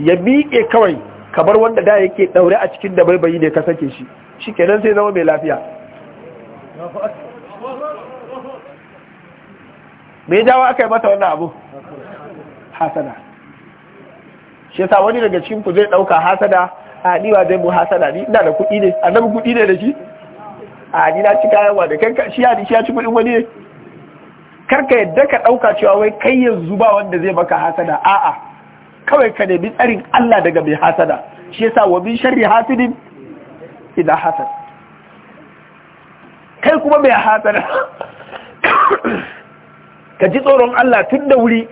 ya miƙe kawai kamar wanda da yake daure a cikin da baibayi ne ka sake shi shi kenan sai zama mai lafiya mai jawa aka yi mata wannan abu hasada shi yasa wani daga cikin ku zai dauka hasada a ni zai mu hasada ni ina da kuɗi ne A annabi kuɗi ne da shi a ni na ci kayan wa da kanka shi ya shi ya ci kuɗin wani ne karka yadda ka dauka cewa wai kai yanzu ba wanda zai maka hasada a'a kawai ka nemi tsarin Allah daga mai hasada shi yasa wa min sharri hasidin ina hasad kai kuma mai hasada ka ji tsoron Allah tun da wuri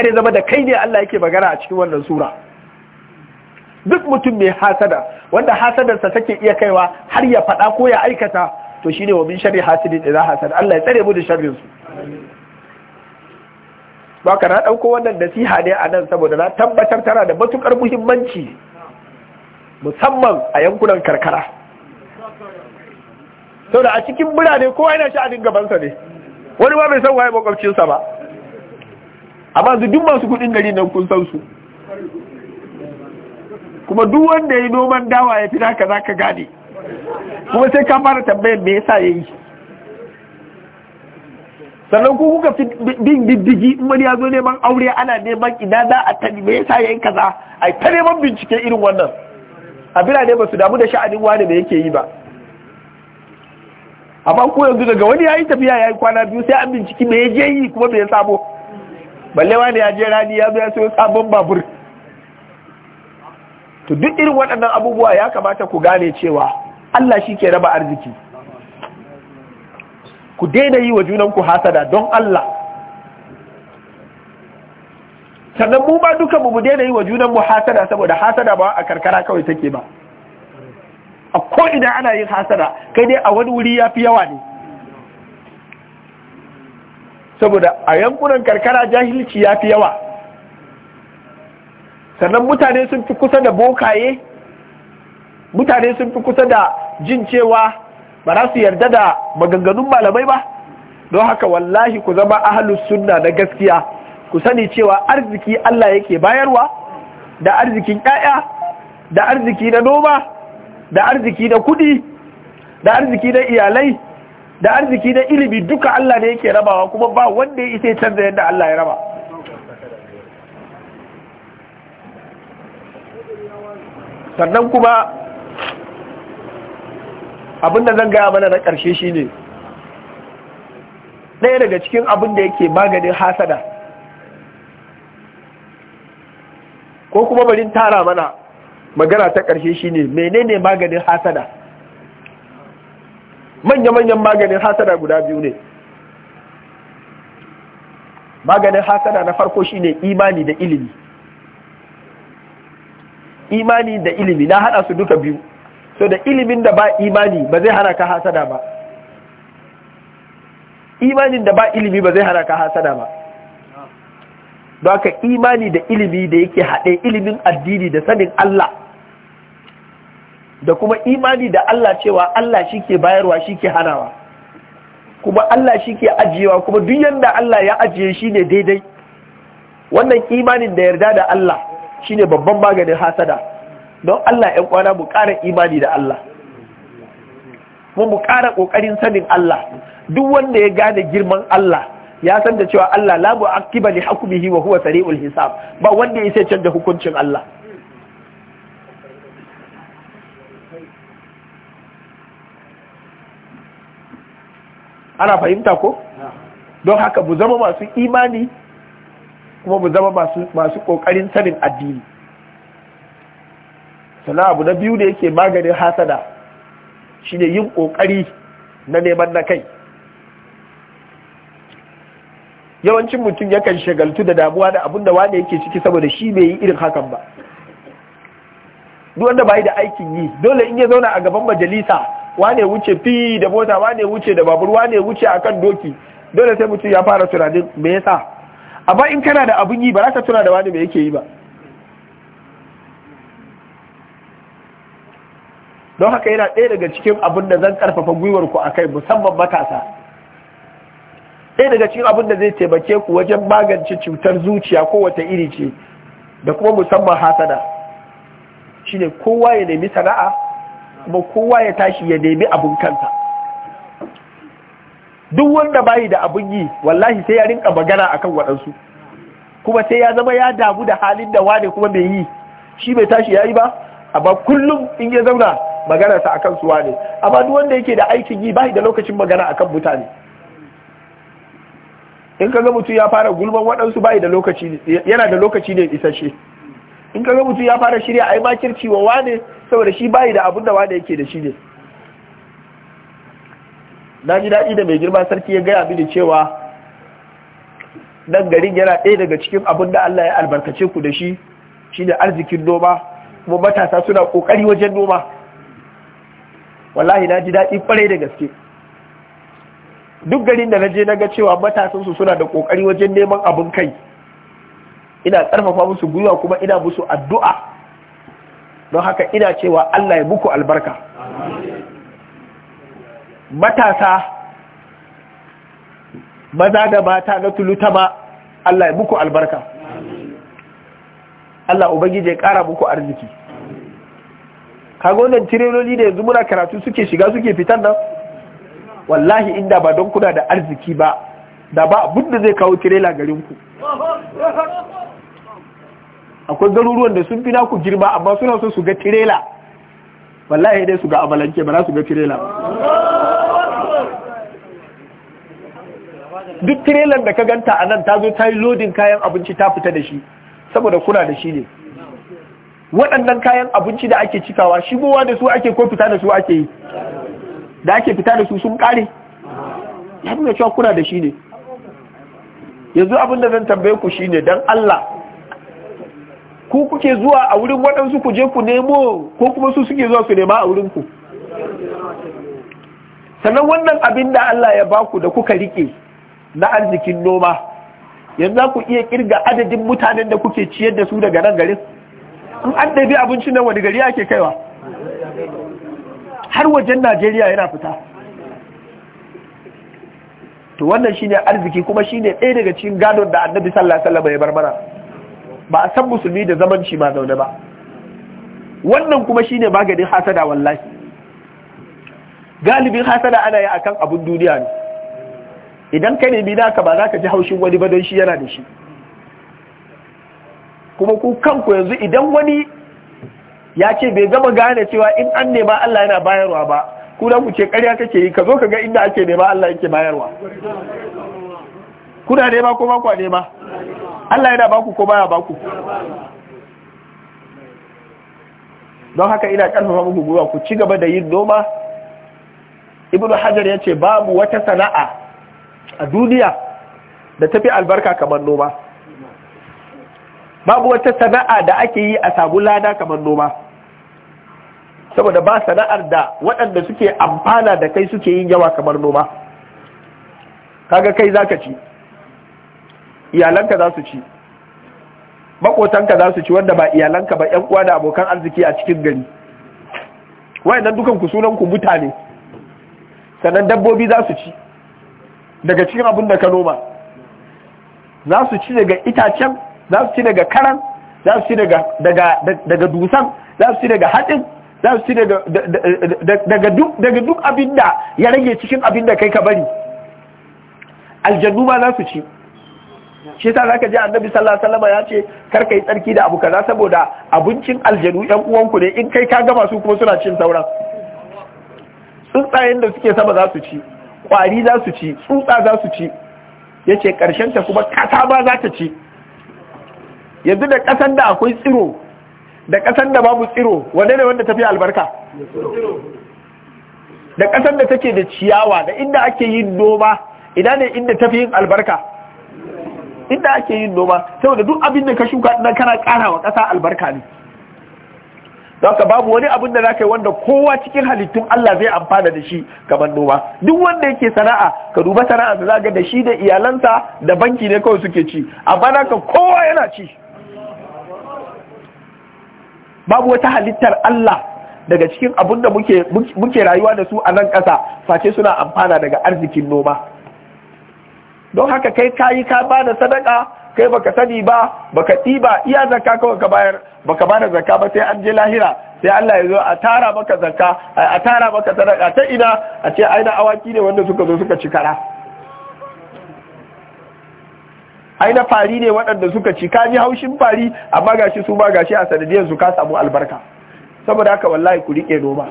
ne zama da kai ne Allah yake magana a cikin wannan sura duk mutum mai hasada wanda hasadarsa take iya kaiwa har ya faɗa ko ya aikata to shine wa min sharri hasidin idza hasad Allah ya tsare mu da sharrin su baka na ɗauko wannan nasiha ne a nan saboda na tabbatar tana da matuƙar muhimmanci musamman a yankunan karkara sau da a cikin birane kowa yana sha'anin gabansa ne wani ba mai san waye makwabcinsa ba amma su duk masu kuɗin gari nan kun san su kuma duk wanda ya yi noman dawa ya fi naka za ka gane kuma sai ka fara tambayar me yasa ya yi sannan ku kuka fi bin diddigi in wani ya zo neman aure ana neman ina za a tani me yasa yayin kaza ai ta neman bincike irin wannan a birane ba su damu da sha'anin wani da yake yi ba amma ko yanzu daga wani yayi tafiya yayi kwana biyu sai an binciki me je yi kuma me ya sabo balle wani ya je rani ya zo ya sayo sabon babur to duk irin waɗannan abubuwa ya kamata ku gane cewa Allah shi ke raba arziki ku daina yi wa junanku hasada don Allah sannan mu ba duka mu daina yi wa junanmu hasada saboda hasada ba a karkara kawai take ba a ko ina ana yin hasada kai dai a wani wuri ya fi yawa ne saboda a yankunan karkara jahilci ya fi yawa sannan mutane sun fi kusa da bokaye mutane sun fi kusa da jin cewa ba za su yarda da maganganun malamai ba don haka wallahi ku zama ahalus sunna na gaskiya ku sani cewa arziki Allah yake bayarwa da arzikin 'ya'ya, da arziki na noma da arziki na kudi da arziki na iyalai da arziki na ilimi duka Allah ne yake rabawa kuma ba wanda ya isa canza yadda Allah ya raba sannan kuma abinda zan gaya mana na ƙarshe shine ɗaya daga cikin abin da yake maganin hasada ko kuma barin tara mana magana ta ƙarshe shine menene maganin hasada manya-manyan maganin hasada guda biyu ne maganin hasada na farko shine imani da ilimi imani da ilimi na hada su duka biyu so da ilimin da ba imani ba zai hana ka hasada ba imanin da ba ilimi ba zai hana ka hasada ba don haka imani da ilimi da yake haɗe ilimin addini da sanin Allah da kuma imani da Allah cewa Allah shi ke bayarwa shi ke hanawa kuma Allah shi ke ajiyewa kuma duk yadda Allah ya ajiye shi ne daidai wannan imanin da yarda da Allah shi ne babban maganin hasada don Allah ‘yan kwana mu ƙara imani da Allah mu mu ƙara ƙoƙarin sanin Allah duk wanda ya gane girman Allah ya san da cewa Allah labu mu akiba hakumihi wa huwa sari'ul hisab ba wanda ya sai canza hukuncin Allah ana fahimta ko don haka mu zama masu imani kuma mu zama masu ƙoƙarin sanin addini sannan abu na biyu da yake maganin hasada shine yin ƙoƙari na neman na kai yawancin mutum yakan shagaltu da damuwa da abin da wane yake ciki saboda shi bai yi irin hakan ba duwanda wanda yi da aikin yi dole in ya zauna a gaban majalisa wane wuce fi da mota wane wuce da babur wane wuce a kan doki dole sai mutum ya fara tunanin me yasa amma in kana da abin yi ba za ka tuna da wani me yake yi ba don haka yana ɗaya daga cikin abin da zan ƙarfafa gwiwar ku kai musamman matasa ɗaya daga cikin abin da zai taimake ku wajen magance cutar zuciya ko wata iri ce da kuma musamman hasada ne kowa ya nemi sana'a kuma kowa ya tashi ya nemi abin kansa duk wanda bayi da abin yi wallahi sai ya rinka magana a kan waɗansu kuma sai ya zama ya damu da halin da wane kuma mai yi shi bai tashi ya yi ba amma kullum in ya zauna maganarsa akan suwa ne amma duk wanda yake da aikin yi bai da lokacin magana akan mutane in kaga mutum ya fara gulman waɗansu bai da lokaci yana da lokaci ne isasshe in kaga mutum ya fara shirya ai makirci wa wane saboda shi bai da abin da wane yake da shi ne na ji daɗi da mai girma sarki ya gaya mini cewa nan garin yana ɗaya daga cikin abun da Allah ya albarkace ku da shi shine arzikin noma kuma matasa suna kokari wajen noma wallahi na ji daɗi kwarai da gaske duk garin da na je na ga cewa matasansu suna da ƙoƙari wajen neman abin kai ina ƙarfafa musu gwiwa kuma ina musu addu'a don haka ina cewa Allah ya muku albarka matasa maza da mata na ba Allah ya muku albarka Allah Ubangiji ya ƙara muku arziki kaga wannan tireloli da yanzu muna karatu suke shiga suke fitan nan wallahi inda ba don kuna da arziki ba da ba abin da zai kawo tirela garin ku akwai garuruwan da sun fi naku girma amma suna so su ga tirela wallahi dai su ga amalanke ba na su ga tirela duk tirelan da ka ganta a nan ta zo ta yi lodin kayan abinci ta fita da shi saboda kuna da shi ne waɗannan kayan abinci da ake cikawa shigowa da su ake ko fita da su ake yi da ake fita da su sun ƙare ya nuna cewa kuna da shi ne yanzu abin da zan tambaye ku shi ne don Allah ku kuke zuwa a wurin waɗansu ku je ku nemo ko kuma su suke zuwa su nema a wurinku sannan wannan abin da Allah ya baku da kuka rike na arzikin noma yanzu ku iya kirga adadin mutanen da kuke ciyar da su daga nan garin in an ɗabi abincin nan wani gari ake kaiwa har wajen najeriya yana fita to wannan shine arziki kuma shine ɗaya daga cikin gadon da annabi sallallahu ya bar mana ba a san musulmi da zamanci ma zaune ba wannan kuma shine maganin hasada wallahi galibin hasada ana yi akan abun duniya ne idan ka nemi naka ba za ka ji haushin wani ba don shi yana da shi kuma ku kanku yanzu idan wani ya ce bai gama gane cewa in an nema Allah yana bayarwa ba ku da ku ce ƙarya kake yi ka zo ka ga inda ake nema Allah yake bayarwa kuna nema ko ba ku nema Allah yana baku ko baya baku don haka ina karfafa muku gwiwa ku ci gaba da yin noma ibnu hajar ya ce babu wata sana'a a duniya da tafi albarka kamar noma babu wata sana'a da ake yi a samu lada kamar noma saboda ba sana'ar da waɗanda suke amfana da kai suke yin yawa kamar noma kaga kai zaka ci iyalanka za su ci makotanka za su ci wanda ba iyalanka ba yan uwa da abokan arziki a cikin gari wayannan dukan ku sunan mutane sannan dabbobi za su ci daga cikin abin da ka noma za su ci daga itacen za su ci daga karan za su ci daga dusan za su ci daga haɗin za su ci daga duk abin da ya rage cikin abin da kai ka bari aljannu ma za su ci shi ta za ka ji annabi sallallahu alaihi wasallam ya ce karka yi tsarki da abu kaza saboda abincin aljanu yan uwanku ne in kai ka gama su kuma suna cin sauran tsuntsayen da suke sama za su ci kwari za su ci tsuntsa za su ci Ya ce ƙarshen ta kuma kasa ba za ta ci yanzu da kasan da akwai tsiro da kasan da babu tsiro wane ne wanda tafi albarka da kasan da take da ciyawa da inda ake yin noma ina ne inda tafi yin albarka inda ake yin noma saboda duk abin da ka shuka ɗan kana ƙara wa ƙasa albarka ne ka babu wani abin da ka yi wanda kowa cikin halittun Allah zai amfana da shi kamar noma. Duk wanda yake sana'a, ka duba sana'a da ga da shi da iyalansa da banki ne kawai suke ci. Amma ka kowa yana ci. babu wata halittar Allah daga cikin abin da muke rayuwa da su a nan ƙasa face suna amfana daga arzikin noma don haka kai kayi ka ba da sadaka kai baka sani ba baka ɗiba iya zakka kawai ka bayar baka da zakka ba sai an je lahira sai Allah ya zo a tara maka zakka a tara maka sadaka ta ina a ce aina awaki ne wanda suka zo suka ci kara ai na fari ne waɗanda suka ci ka ji haushin fari amma gashi su ba gashi a sanadiyar su ka samu albarka saboda haka wallahi ku rike noma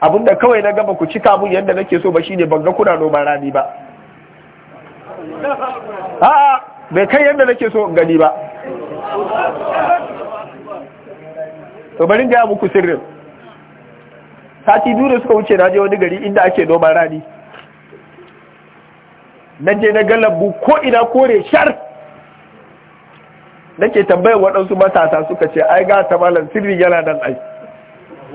abinda kawai na gaba ku cika mun yadda nake so ba shine ban ga kuna noman rani ba a'a bai kai yadda nake so in gani ba to bari ga muku sirrin sati biyu da suka wuce na je wani gari inda ake noman rani na je na galabu ko ina kore shar nake tambayar waɗansu matasa suka ce ai ga ta malam sirri yana nan ai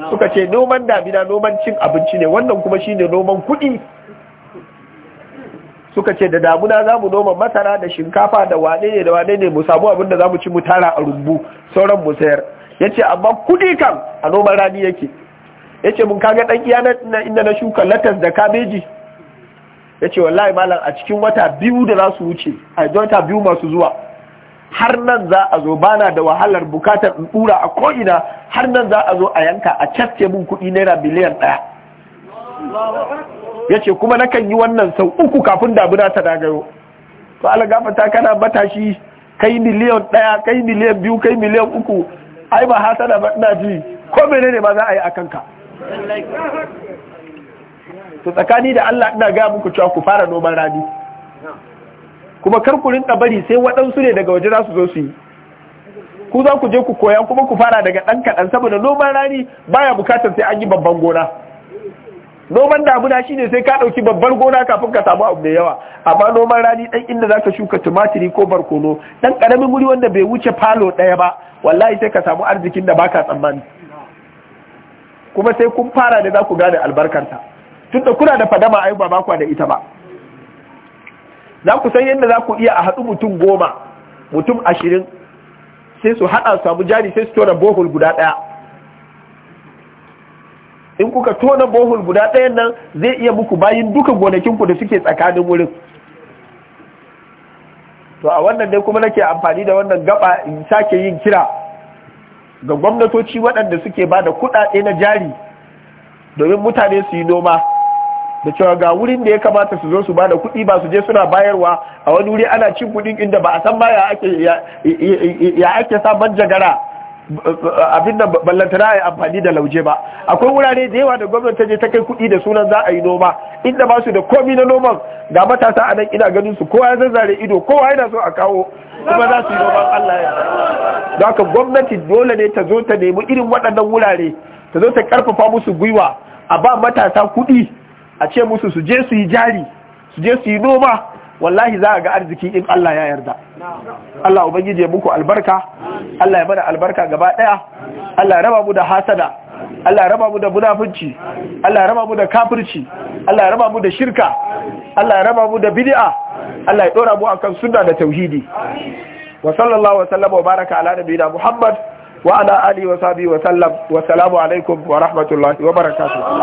suka ce noman damina noman cin abinci ne wannan kuma shine noman kuɗi suka ce da damuna za mu noma masara da shinkafa da wane ne da wane ne mu samu abin da za mu ci mu tara a rumbu sauran mu sayar ya ce amma kuɗi kan a noman rani yake ya ce mun kaga ɗan iya inda na shuka latas da kabeji ya ce wallahi malam a cikin wata biyu da za su wuce a wata biyu masu zuwa har nan za a zo bana da wahalar bukatar in ɗura a ko'ina har nan za a zo a yanka a cafke mun kuɗi naira biliyan ɗaya ya ce kuma kan yi wannan sau uku kafin damuna ta dagayo to alagafata kana matashi kai miliyan ɗaya kai miliyan biyu kai miliyan uku ai ba hasana ba ina ji ko menene ma za a yi a kanka to tsakani da Allah ina ga muku cewa ku fara noman rani kuma kar ku rinka bari sai waɗansu ne daga waje za su zo su yi ku za ku je ku koya kuma ku fara daga ɗan kaɗan saboda noman rani baya bukatar sai an yi babban gona noman damuna shine sai ka ɗauki babbar gona kafin ka samu abu da yawa amma noman rani ɗan inda za ka shuka tumatiri ko barkono ɗan ƙaramin wuri wanda bai wuce falo ɗaya ba wallahi sai ka samu arzikin da baka tsammani kuma sai kun fara da za ku gane albarkarta tunda kuna da fadama ai ba bakwa da ita ba za ku san yadda za ku iya a haɗu mutum goma mutum ashirin sai su haɗa samu jari sai su tona bohol guda ɗaya in kuka tona bohol guda ɗaya nan zai iya muku bayin duka gonakinku da suke tsakanin wurin to a wannan dai kuma nake amfani da wannan gaba in sake yin kira ga gwamnatoci waɗanda suke ba da kuɗaɗe na jari domin mutane su yi noma da cewa ga wurin da ya kamata su zo su bada kuɗi ba su je suna bayarwa a wani wuri ana cin kuɗin inda ba a san ba ya ake samun jagara abin da ballantana a yi amfani da lauje ba akwai wurare da yawa da gwamnati ta je ta kai kuɗi da sunan za a yi noma inda ba su da komi na noman ga matasa a nan ina ganin su kowa ya zazzare ido kowa yana so a kawo kuma za su yi noman Allah ya da haka gwamnati dole ne ta zo ta nemi irin waɗannan wurare ta zo ta karfafa musu gwiwa a ba matasa kuɗi a ce musu su je su yi jari su je su yi noma wallahi za a ga arziki in Allah ya yarda Allah ubangiji ya muku albarka Allah ya mana albarka gaba daya Allah ya raba mu da hasada Allah ya raba mu da munafunci Allah ya raba mu da kafirci Allah ya raba mu da shirka Allah ya raba mu da bid'a Allah ya dora mu akan sunna da tauhidi wa sallallahu wa sallama wa baraka ala nabiyina Muhammad wa ala alihi wa sahbihi wa sallam wa salamu alaikum wa rahmatullahi wa barakatuh